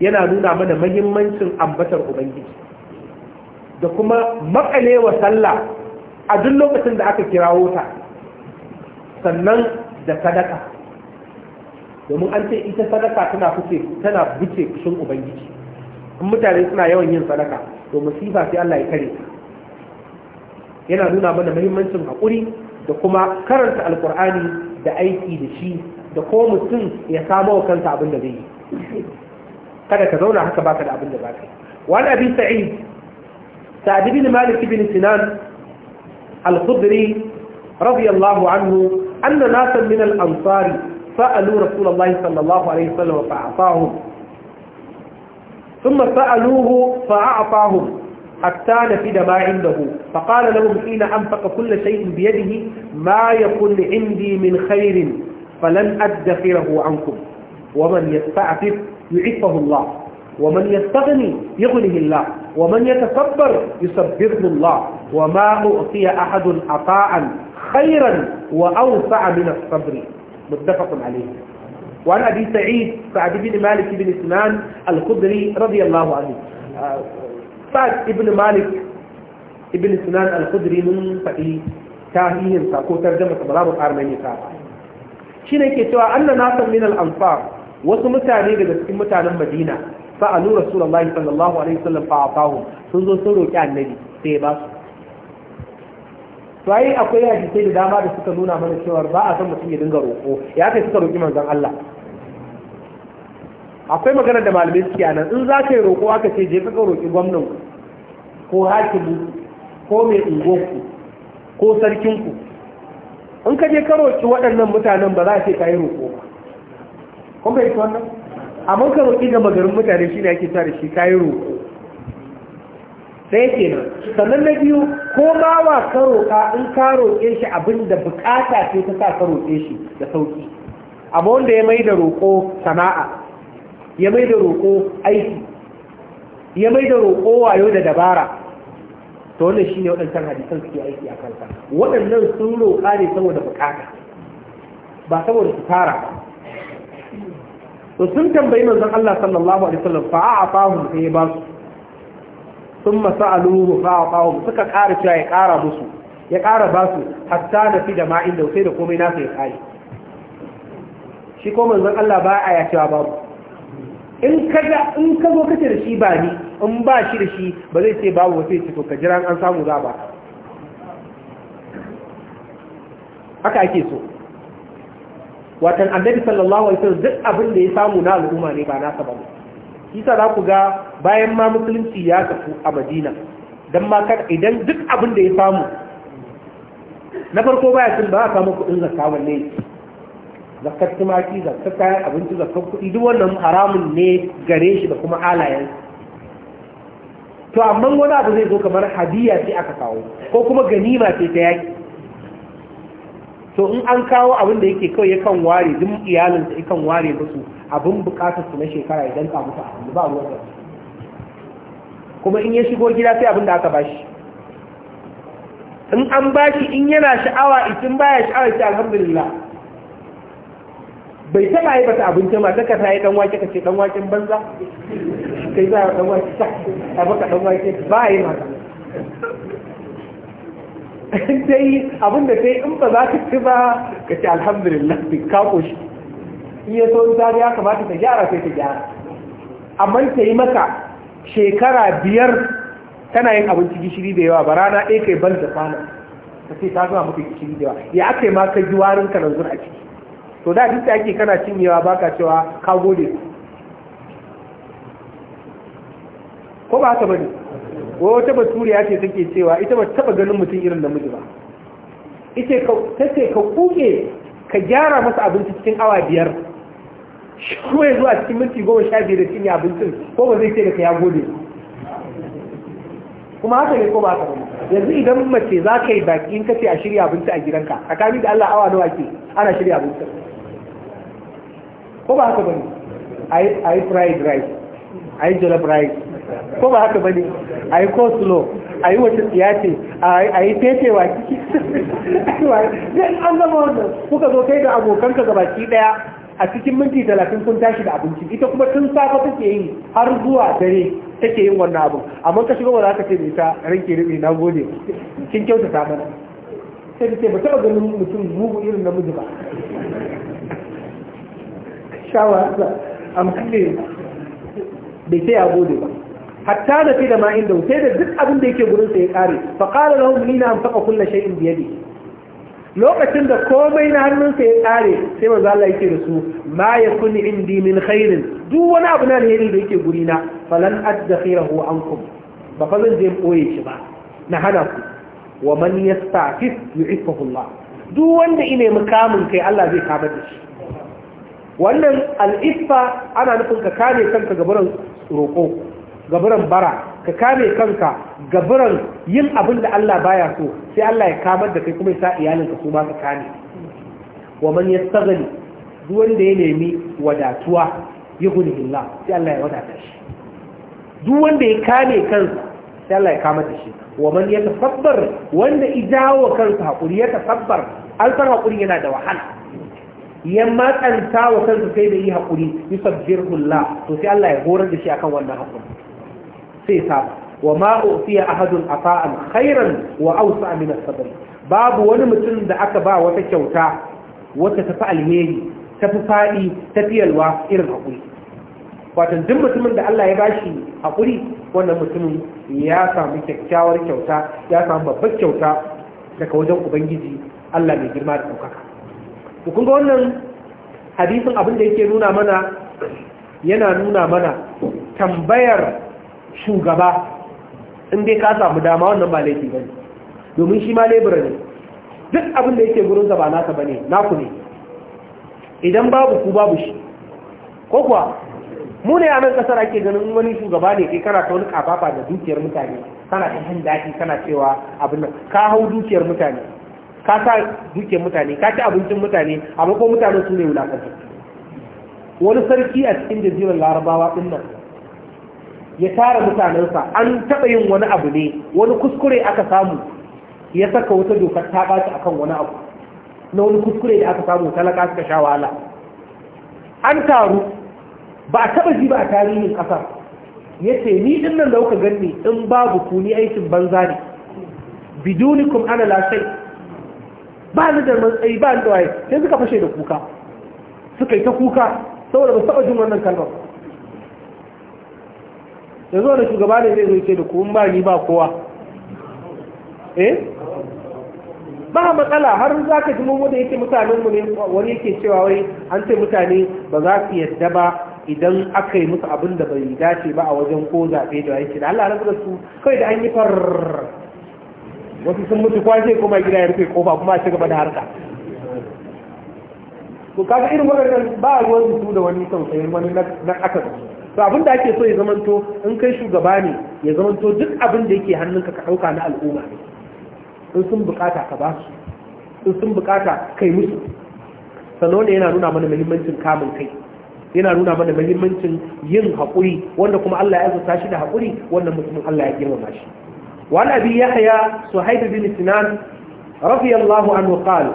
yana nuna mana mahimmancin ambatar ubangiji da kuma makalewa sallah a duk lokacin da aka kirawo ta sannan da sadaka domin an ce ita sadaka tana fice tana buce fushin ubangiji mutane suna yawan yin sadaka to musiba sai Allah ya kare ka yana nuna mana muhimmancin haƙuri da kuma karanta alƙur'ani da aiki da shi da ko mutum ya samo wa kansa abin da zai yi kada ka zauna haka baka da abin da ka. yi wani abi sa'id sa'ad bin malik bin sinan al-khudri radiyallahu anhu anna nasan min al-ansari sa'alu rasulullahi sallallahu alaihi wasallam fa ثم سألوه فأعطاهم حتى نفد ما عنده فقال لهم حين أنفق كل شيء بيده ما يكون عندي من خير فلن أدخره عنكم ومن يستعفف يعفه الله ومن يستغني يغنه الله ومن يتصبر يصبره الله وما أعطي أحد عطاء خيرا وأوسع من الصبر متفق عليه وعن أبي سعيد سعد بن مالك بن سنان الخدري رضي الله عنه sa'ad ibn malik ibn sinan al-khudri mun faɗi tarihin sa ko tarjama sa ba mu ƙara mai ta shine yake cewa anna nasan min al-ansar wasu mutane daga cikin mutanen madina sa'alu rasulullahi sallallahu alaihi wasallam sun zo sun roki annabi sai ba su to ai akwai hadisai da dama da suka nuna mana cewa ba a san mutum ya dinga roƙo ya kai suka roƙi manzon Allah akwai maganar da malamai suke nan in za ka yi roƙo aka ce je ka roƙi gwamnan ko hakimu ko mai ungonku ko sarkinku in ka je ka roƙi waɗannan mutanen ba za ka ka yi roƙo ba kun bai ta wannan amma ka roƙi ga magarin mutane shi ne ake ta da shi ka yi roƙo sai nan, sannan na biyu ko ma wa ka roƙa in ka roƙe shi abin da bukata ce ta sa ka roƙe shi da sauki amma wanda ya mai da roƙo sana'a ya mai da roƙo aiki ya mai da roƙo wayo da dabara ta wannan shi ne waɗancan hadisan suke aiki a kansa waɗannan sun roƙa ne saboda buƙata ba saboda su tara ba sun tambayi manzon Allah sallallahu alaihi wasallam fa a fahun sai ya ba su sun masa'aluhu fa a fahum suka ƙara cewa ya ƙara musu ya ƙara ba su hatta na fi da ma'in da sai da komai nasa ya ƙare shi ko manzon Allah ba a ya cewa babu in kaga in ka zo kace da shi ba ni in ba shi da shi ba zai ce babu wasu ya ce to ka jira an samu za ba haka ake so watan annabi sallallahu alaihi wasallam duk abin da ya samu na al'umma ne ba nasa ba kisa za ku ga bayan ma musulunci ya kafu a madina don ma kada idan duk abin da ya samu na farko baya sun ba a samu kuɗin zakka wanne zakar tumaki zakar kayan abinci zakar kuɗi duk wannan haramun ne gare shi da kuma alayen to amma wani abu zai zo kamar hadiya ce aka kawo ko kuma ganima ce ta yaki to in an kawo abin da yake kawai yakan ware duk iyalinsa yakan ware musu abin bukatar su na shekara idan ka musu a ba ruwan kuma in ya shigo gida sai abin da aka bashi in an bashi in yana sha'awa itin baya sha'awa sai alhamdulillah bai taba yi bata abinci ma ta kasa yi ɗanwake ka ce waken banza kai za a Ta a baka ɗanwake? ba yi mata dai abinda yi, in ba za ka ci ba ka ce alhamdulillah ka koshi iya so ta ya kamata ta gyara sai ta gyara amma ta yi maka shekara biyar tana yin abinci gishiri da yawa ba rana ɗaya kai ban da fana ta ce ta zuwa maka gishiri da yawa ya aka yi ma ka ji warin ka nan a ciki to da duk da ake kana cinyewa baka cewa ka gode ko ba haka bane wata baturiya ce take cewa ita ba taba ganin mutum irin da miji ba ita ce ka kuke ka gyara masa abinci cikin awa biyar ko ya zuwa cikin minti goma sha biyar da cinye abincin ko ba zai ce da ka ya gode kuma haka ne ko ba haka bane yanzu idan mace za ka yi baki in ka ce a shirya abinci a gidanka a kami da Allah awa nawa ke ana shirya abinci ko ba haka bane a yi fried rice a yi jollof rice ko ba haka bane a yi coleslaw a yi wata tsiyace a yi fefewa ciki zai an zama wannan kuka zo kai da abokanka ki daya a cikin minti talatin kun tashi da abinci ita kuma tun safa take yi har zuwa dare take yin wannan abin amma ka shiga ba za ka ce mai ta ranke rubi na gode kin kyautata mana sai da ce ba taɓa ganin mutum mugu irin namiji ba shawara amma ne bai sai a gode ba hatta da fi da ma sai da duk abin da yake gurin sa ya kare fa qala lahum lina an faqa kullu shay'in bi yadi lokacin da komai na hannunsa ya kare sai manzo Allah yake da su ma yakun indi min khairin duk wani abu na alheri da yake guri na falan addakhirahu ankum ba fa zan je boye shi ba na hana ku wa man yasta'fif yu'iffahu Allah duk wanda ine mukamin kai Allah zai kabar da shi wannan al'ifa ana nufin ka kame kanka gabaran roƙo gabaran bara ka kame kanka gabaran yin abin da Allah baya so sai Allah ya kamar da kai kuma ya sa iyalinka su ma ka kame wa man yastaghni duk wanda ya nemi wadatuwa yughnihi Allah sai Allah ya wadata shi duk wanda ya kame kansa sai Allah ya kamar da shi wa man yatasabbar wanda ijawo kansa hakuri ya tasabbar alfar san hakuri yana da wahala yan matsanta wa kansa sai da yi haƙuri biyar to sai Allah ya horar da shi akan wannan haƙuri sai saba wa ma ufiya a afa'an khairan wa awsa min as babu wani mutum da aka ba wata kyauta wata tafi alheri tafi faɗi, tafi yalwa irin haƙuri Fatan duk mutumin da Allah ya shi haƙuri wannan mutumin ya samu kyakkyawar kyauta ya samu babbar kyauta daga wajen ubangiji Allah mai girma da ɗaukaka kun ga wannan hadisin abin da yake nuna mana yana nuna mana tambayar shugaba in dai ka samu dama wannan ba laifi ba domin shi ma lebura ne duk abin da yake gurin ba naka ne, naku ne idan babu ku babu shi ko kuwa mu ne a nan kasar ake ganin wani shugaba ne kai kana ta wani kafafa da dukiyar mutane kana ta hin daɗi kana cewa abin nan ka hau dukiyar mutane ka sa duke mutane ka ci abincin mutane amma ko mutane su ne wulakantar wani sarki a cikin jazirar larabawa din nan ya tara mutanensa an taɓa yin wani abu ne wani kuskure aka samu ya saka wata dokar ta ɓaci akan wani abu na wani kuskure da aka samu talaka suka sha wahala an taru ba a taɓa ji ba a tarihin ƙasar. ya ce ni ɗin nan da kuka ganni in babu ku ni aikin banza ne bidunikum ana lashai ba ni da matsayi ba ni da waye sai suka fashe da kuka suka yi ta kuka saboda ba saba jin wannan kalmar zuwa da shugaba ne zai zai ce da kuma ba ni ba kowa eh ba matsala har za ka ji mummuda yake mutanen mu ne wani yake cewa wai an ce mutane ba za su yadda ba idan aka yi musu abin da bai dace ba a wajen ko zaɓe da yake da Allah na da su kai da an yi farar wasu sun mutu kwan sai koma gida ya rufe kofa kuma a cigaba da harka ko kaga irin wannan ba ruwan su da wani tausayi wani na aka to abin da ake so ya zamanto in kai shugaba ne ya zamanto duk abin da yake hannunka ka ɗauka na al'umma in sun bukata ka ba su in sun bukata kai musu sannan yana nuna mana muhimmancin kamun kai yana nuna mana muhimmancin yin haƙuri wanda kuma Allah ya azurta shi da haƙuri wannan mutumin Allah ya girmama shi وعن أبي يحيى صهيب بن سنان رضي الله عنه قال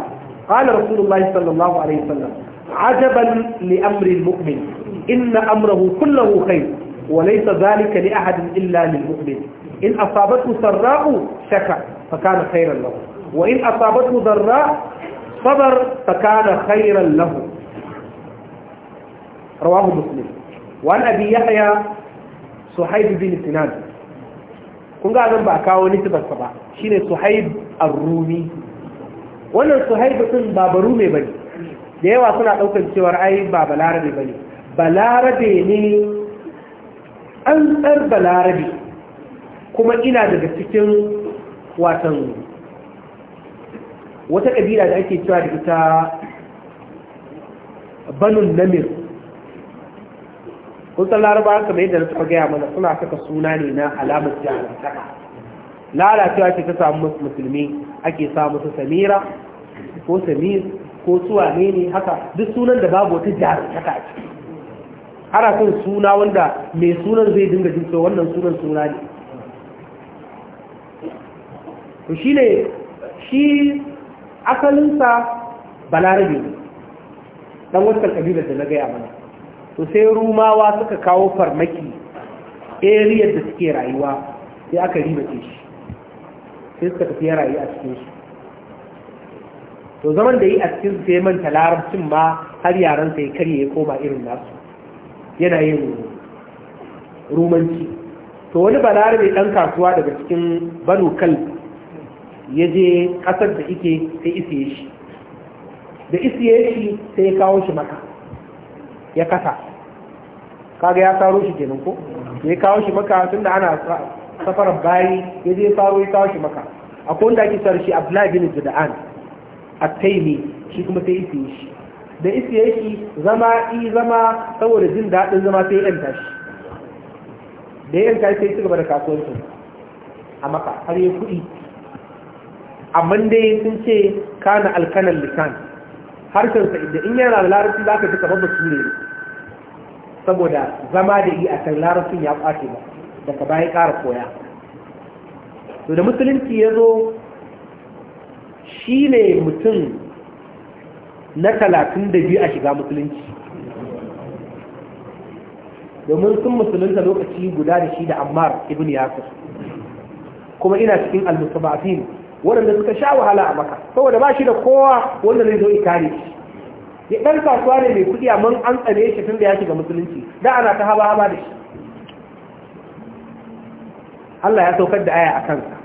قال رسول الله صلى الله عليه وسلم عجبا لأمر المؤمن إن أمره كله خير وليس ذلك لأحد إلا للمؤمن إن أصابته سراء شكا فكان خيرا له وإن أصابته ضراء صبر فكان خيرا له رواه مسلم وعن أبي يحيى صهيب بن سنان kun ga zan ba kawo nisibarsa ba Shi ne suhaib ar-rumi wannan suhaib sun ba barume bane da yawa suna daukar cewar, ai ba balarabe bane balarabe ne an tsar balarabe kuma ina daga cikin watan wata kabila da ake cewa da ita banun namir kun san laraba kamar mai na nasu gaya mana suna saka suna ne na alamar jahantaka lalacewa ce ta samu musulmi ake samu musu samira ko samir ko suwa ne ne haka duk sunan da babu wata jihar a ciki ana son suna wanda mai sunan zai dinga jin wannan sunan suna ne to shi ne shi asalinsa balarabe ne dan wasu kabilar da na gaya mana to sai rumawa suka kawo farmaki ariyar da suke rayuwa sai aka ribace shi sai suka tafi rayu a cikin shi to zaman da yi a cikin sai manta larabcin ma har yaran sai karye ya koma irin nasu yana yin rumanci to wani balarabe dan kasuwa daga cikin banu kal ya je kasar da ike sai isiye shi da isiye shi sai ya kawo shi maka ya kasa kaga ya saro shi kenan ko ya kawo shi maka tun da ana safarar bayi ya je saro ya kawo shi maka akwai wanda ake sarar shi abdullahi bin juda'an a taimi shi kuma sai isi shi da isi shi zama i zama saboda jin daɗin zama sai yan tashi da yan tashi sai cigaba da kasuwanci a maka har yi kuɗi amma dai sun ce kana alkanan lisan Harshen harshensa da in yana da larabci za ka ji kamar basure ne saboda zama da yi a kan larabcin ya kwace ba daga baya ƙara koya to da musulunci ya zo shi ne mutum na talatin da biyu a shiga musulunci domin sun musulunta lokaci guda da shi da ammar ibn yasir kuma ina cikin almusabafin waɗanda suka sha wahala a maka saboda ba shi da kowa wanda zai zo ikari shi ya ɗan kasuwa ne mai kuɗi amma an tsane shi tun da ya shiga musulunci da ana ta haba haba da shi Allah ya saukar da aya a kansa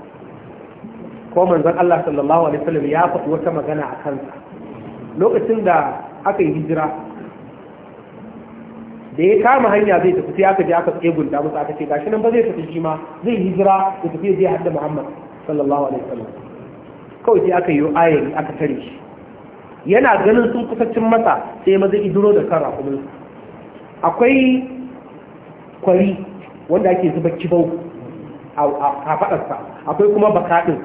ko manzon Allah sallallahu alaihi wasallam ya faɗi wata magana a kansa lokacin da aka yi hijira da ya kama hanya zai tafi sai aka je aka tsaye gunda musu aka ce gashi nan ba zai tafi shi ma zai hijira ya tafi zai hadda Muhammad sallallahu alaihi wasallam kawai sai aka yi ayari aka tare shi yana ganin sun kusacin masa sai maza iduro da kan rakumin akwai kwari wanda ake zuba kibau a faɗarsa akwai kuma bakaɗin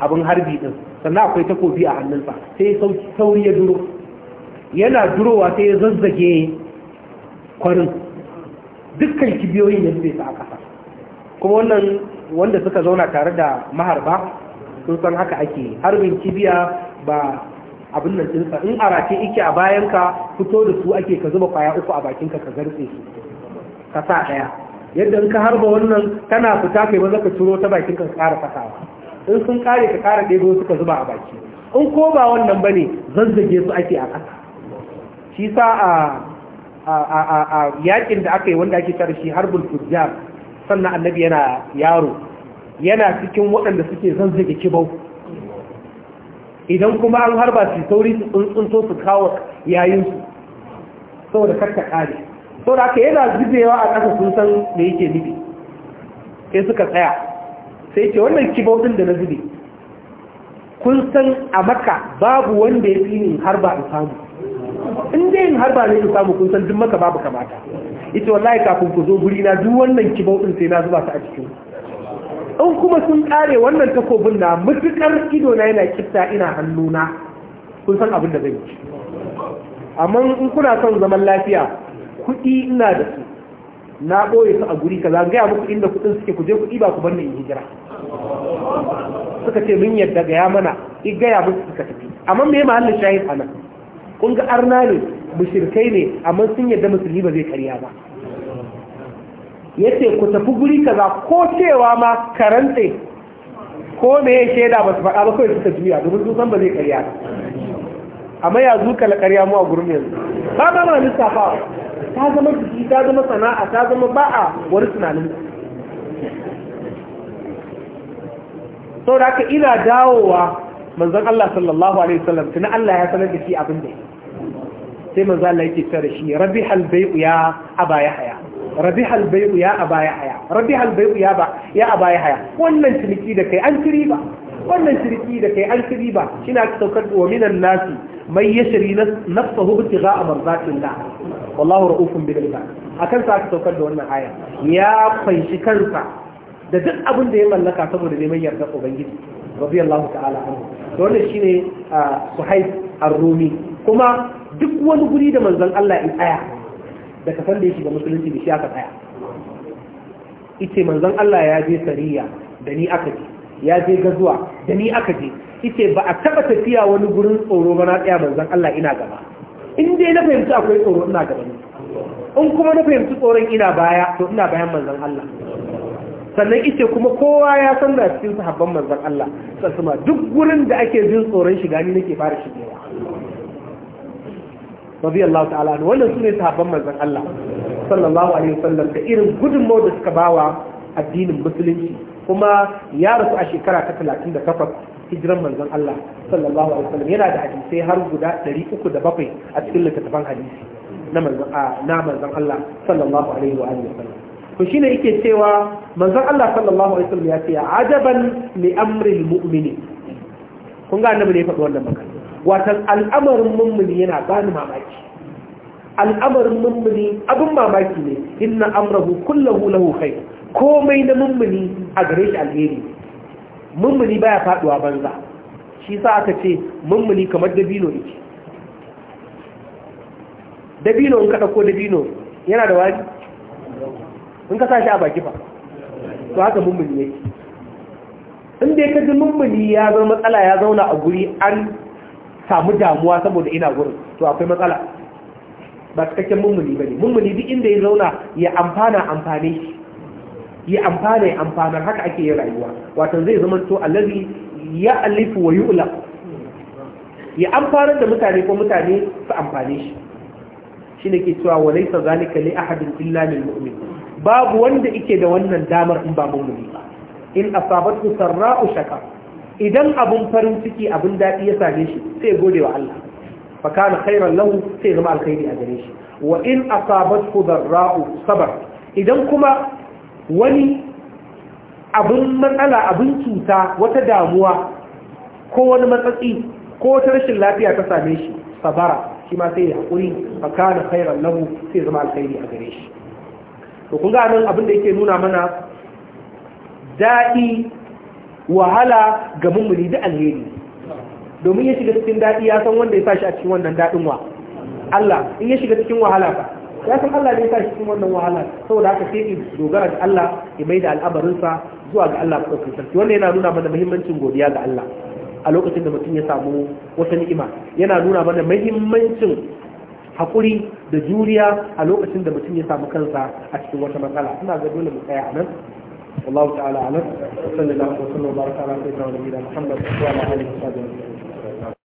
abin harbi ɗin sannan akwai takobi a hannunsa sai sauri ya duro yana durowa sai ya zazzage kwarin dukkan kibiyoyin ya zube su a ƙasa kuma wannan wanda suka zauna tare da maharba sun san haka ake harbin kibiya ba abin nan ɗinsa in a rake ike a bayan ka fito da su ake ka zuba kwaya uku a bakinka ka zarfe su ka sa ɗaya yadda in ka harba wannan tana fita kai maza ka turo ta bakinka ka ƙara fasawa in sun ƙare ka ƙara ɗebo suka zuba a baki in ko ba wannan ba ne zazzage su ake a ƙasa shi sa a yakin da aka yi wanda ake tare shi harbul tujjar sannan annabi yana yaro yana cikin waɗanda suke zazzage kibau idan kuma an harba su sauri su tsuntsunto su kawo yayin su saboda kakka kare saboda aka yana zubewa a ƙasa sun san me yake nufi sai suka tsaya sai ce wannan kibautun da na zube kun san a maka babu wanda ya fi yin harba in samu in dai yin harba ne in samu kun san duk maka babu kamata ita wallahi kafin ku zo guri na duk wannan kibau sai na zuba su a cikin in kuma sun kare wannan takobin na mutukar ido na yana kifta ina hannuna kun san abin da zai yi amma in kuna son zaman lafiya kuɗi ina da su na ɓoye su a guri ka kaza gaya muku inda kuɗin suke ku je kuɗi ba ku bar ni in hijira suka ce mun yadda gaya mana in gaya musu suka tafi amma me mahallin shahid anan kun ga arna ne mushirkai ne amma sun yadda musulmi ba zai karya ba yace ku tafi guri kaza ko cewa ma karantse ko me ya shaida ba su faɗa ba kawai suka juya domin sun san ba zai karya amma ya zuka la karya mu a gurin yanzu ba ba ma lissafa ta zama jiki ta zama sana'a ta zama ba'a wani tunanin sau da haka ina dawowa manzon Allah sallallahu alaihi wasallam tuna Allah ya sanar da shi abin da sai manzo Allah yake cewa shi rabi hal bai'u ya abaya haya Rabi bai'u ya abaya haya rabihal bai'u ya ba ya abaya haya wannan ciniki da kai an ci riba wannan ciniki da kai an ci riba shine aka saukar wa minan nasi mai yashri nafsahu ibtigha'a mardatillah wallahu ra'ufun bil ibad akan sa aka saukar da wannan aya ya fanshi kansa da duk abin da ya mallaka saboda neman yarda ubangiji radiyallahu ta'ala anhu to wannan shine ah, suhaib ar-rumi kuma duk wani guri da manzon Allah in aya. da kasan da ya shiga musulunci da shi aka tsaya ice manzon Allah ya je sariya da ni aka je ya je gazuwa da ni aka je ice ba a taba tafiya wani gurin tsoro ba na tsaya manzon Allah ina gaba in dai na fahimci akwai tsoro ina gaba ne in kuma na fahimci tsoron ina baya to ina bayan manzon Allah sannan ice kuma kowa ya san da cikin sahabban manzon Allah sassuma duk gurin da ake jin tsoron shiga ni nake fara shigewa Allah ta'ala wannan su ne sahabban manzan Allah sallallahu alaihi wasallam da irin gudunmawar da suka bawa addinin musulunci kuma ya rasu a shekara ta 38 hijiran manzan Allah sallallahu alaihi wasallam yana da hadisai har guda 307 a cikin littattafan hadisi na manzan Allah sallallahu alaihi wa alihi wasallam to shine yake cewa manzan Allah sallallahu alaihi wasallam ya ce ajaban li amril mu'mini kun ga annabi ne ya faɗi wannan magana watan al'amarin mummuni yana bani mamaki al'amarin mummuni abin mamaki ne inna amrahu kullahu lahu khair komai na mummuni a gare shi alheri mummuni baya faduwa banza shi sa aka ce mummuni kamar dabino yake dabino in ka dauko dabino yana da wani in ka sashi shi a baki fa to haka mummuni yake in dai ka ji mummuni ya zama matsala ya zauna a guri an samu damuwa saboda ina gurin to akwai matsala ba cikakken mummuni bane mummuni duk inda ya zauna ya amfana amfane shi ya amfana ya amfanar haka ake yin rayuwa wato zai zama to allazi ya alifu wa yu'la ya amfanar da mutane ko mutane su amfane shi shine ke cewa wa laysa zalika li ahadin illa lil mu'min babu wanda yake da wannan damar in ba mummuni ba in asabatu sarra'u shakara idan abun farin ciki abun daɗi ya same shi sai gode wa Allah fa kana khairan lahu sai zama alkhairi a gare shi wa in asabathu darra'u sabar idan kuma wani abin matsala abin cuta wata damuwa ko wani matsatsi ko wata rashin lafiya ta same shi sabara shi ma sai ya hakuri. fa kana khairan lahu sai zama alkhairi a gare shi to kun ga nan abin da yake nuna mana daɗi wahala ga mummuni da alheri domin ya shiga cikin daɗi ya san wanda ya sa shi a cikin wannan daɗin wa Allah in ya shiga cikin wahala ba ya san Allah ne ya sa shi cikin wannan wahala saboda haka sai in dogara ga Allah ya mai da al'amarinsa zuwa ga Allah ɗaukar sarki wannan yana nuna mana muhimmancin godiya ga Allah a lokacin da mutum ya samu wata ni'ima yana nuna mana muhimmancin hakuri da juriya a lokacin da mutum ya samu kansa a cikin wata matsala ina ga dole mu tsaya a nan والله تعالى اعلم وصلى الله وسلم وبارك على سيدنا ونبينا محمد وعلى اله وصحبه وسلم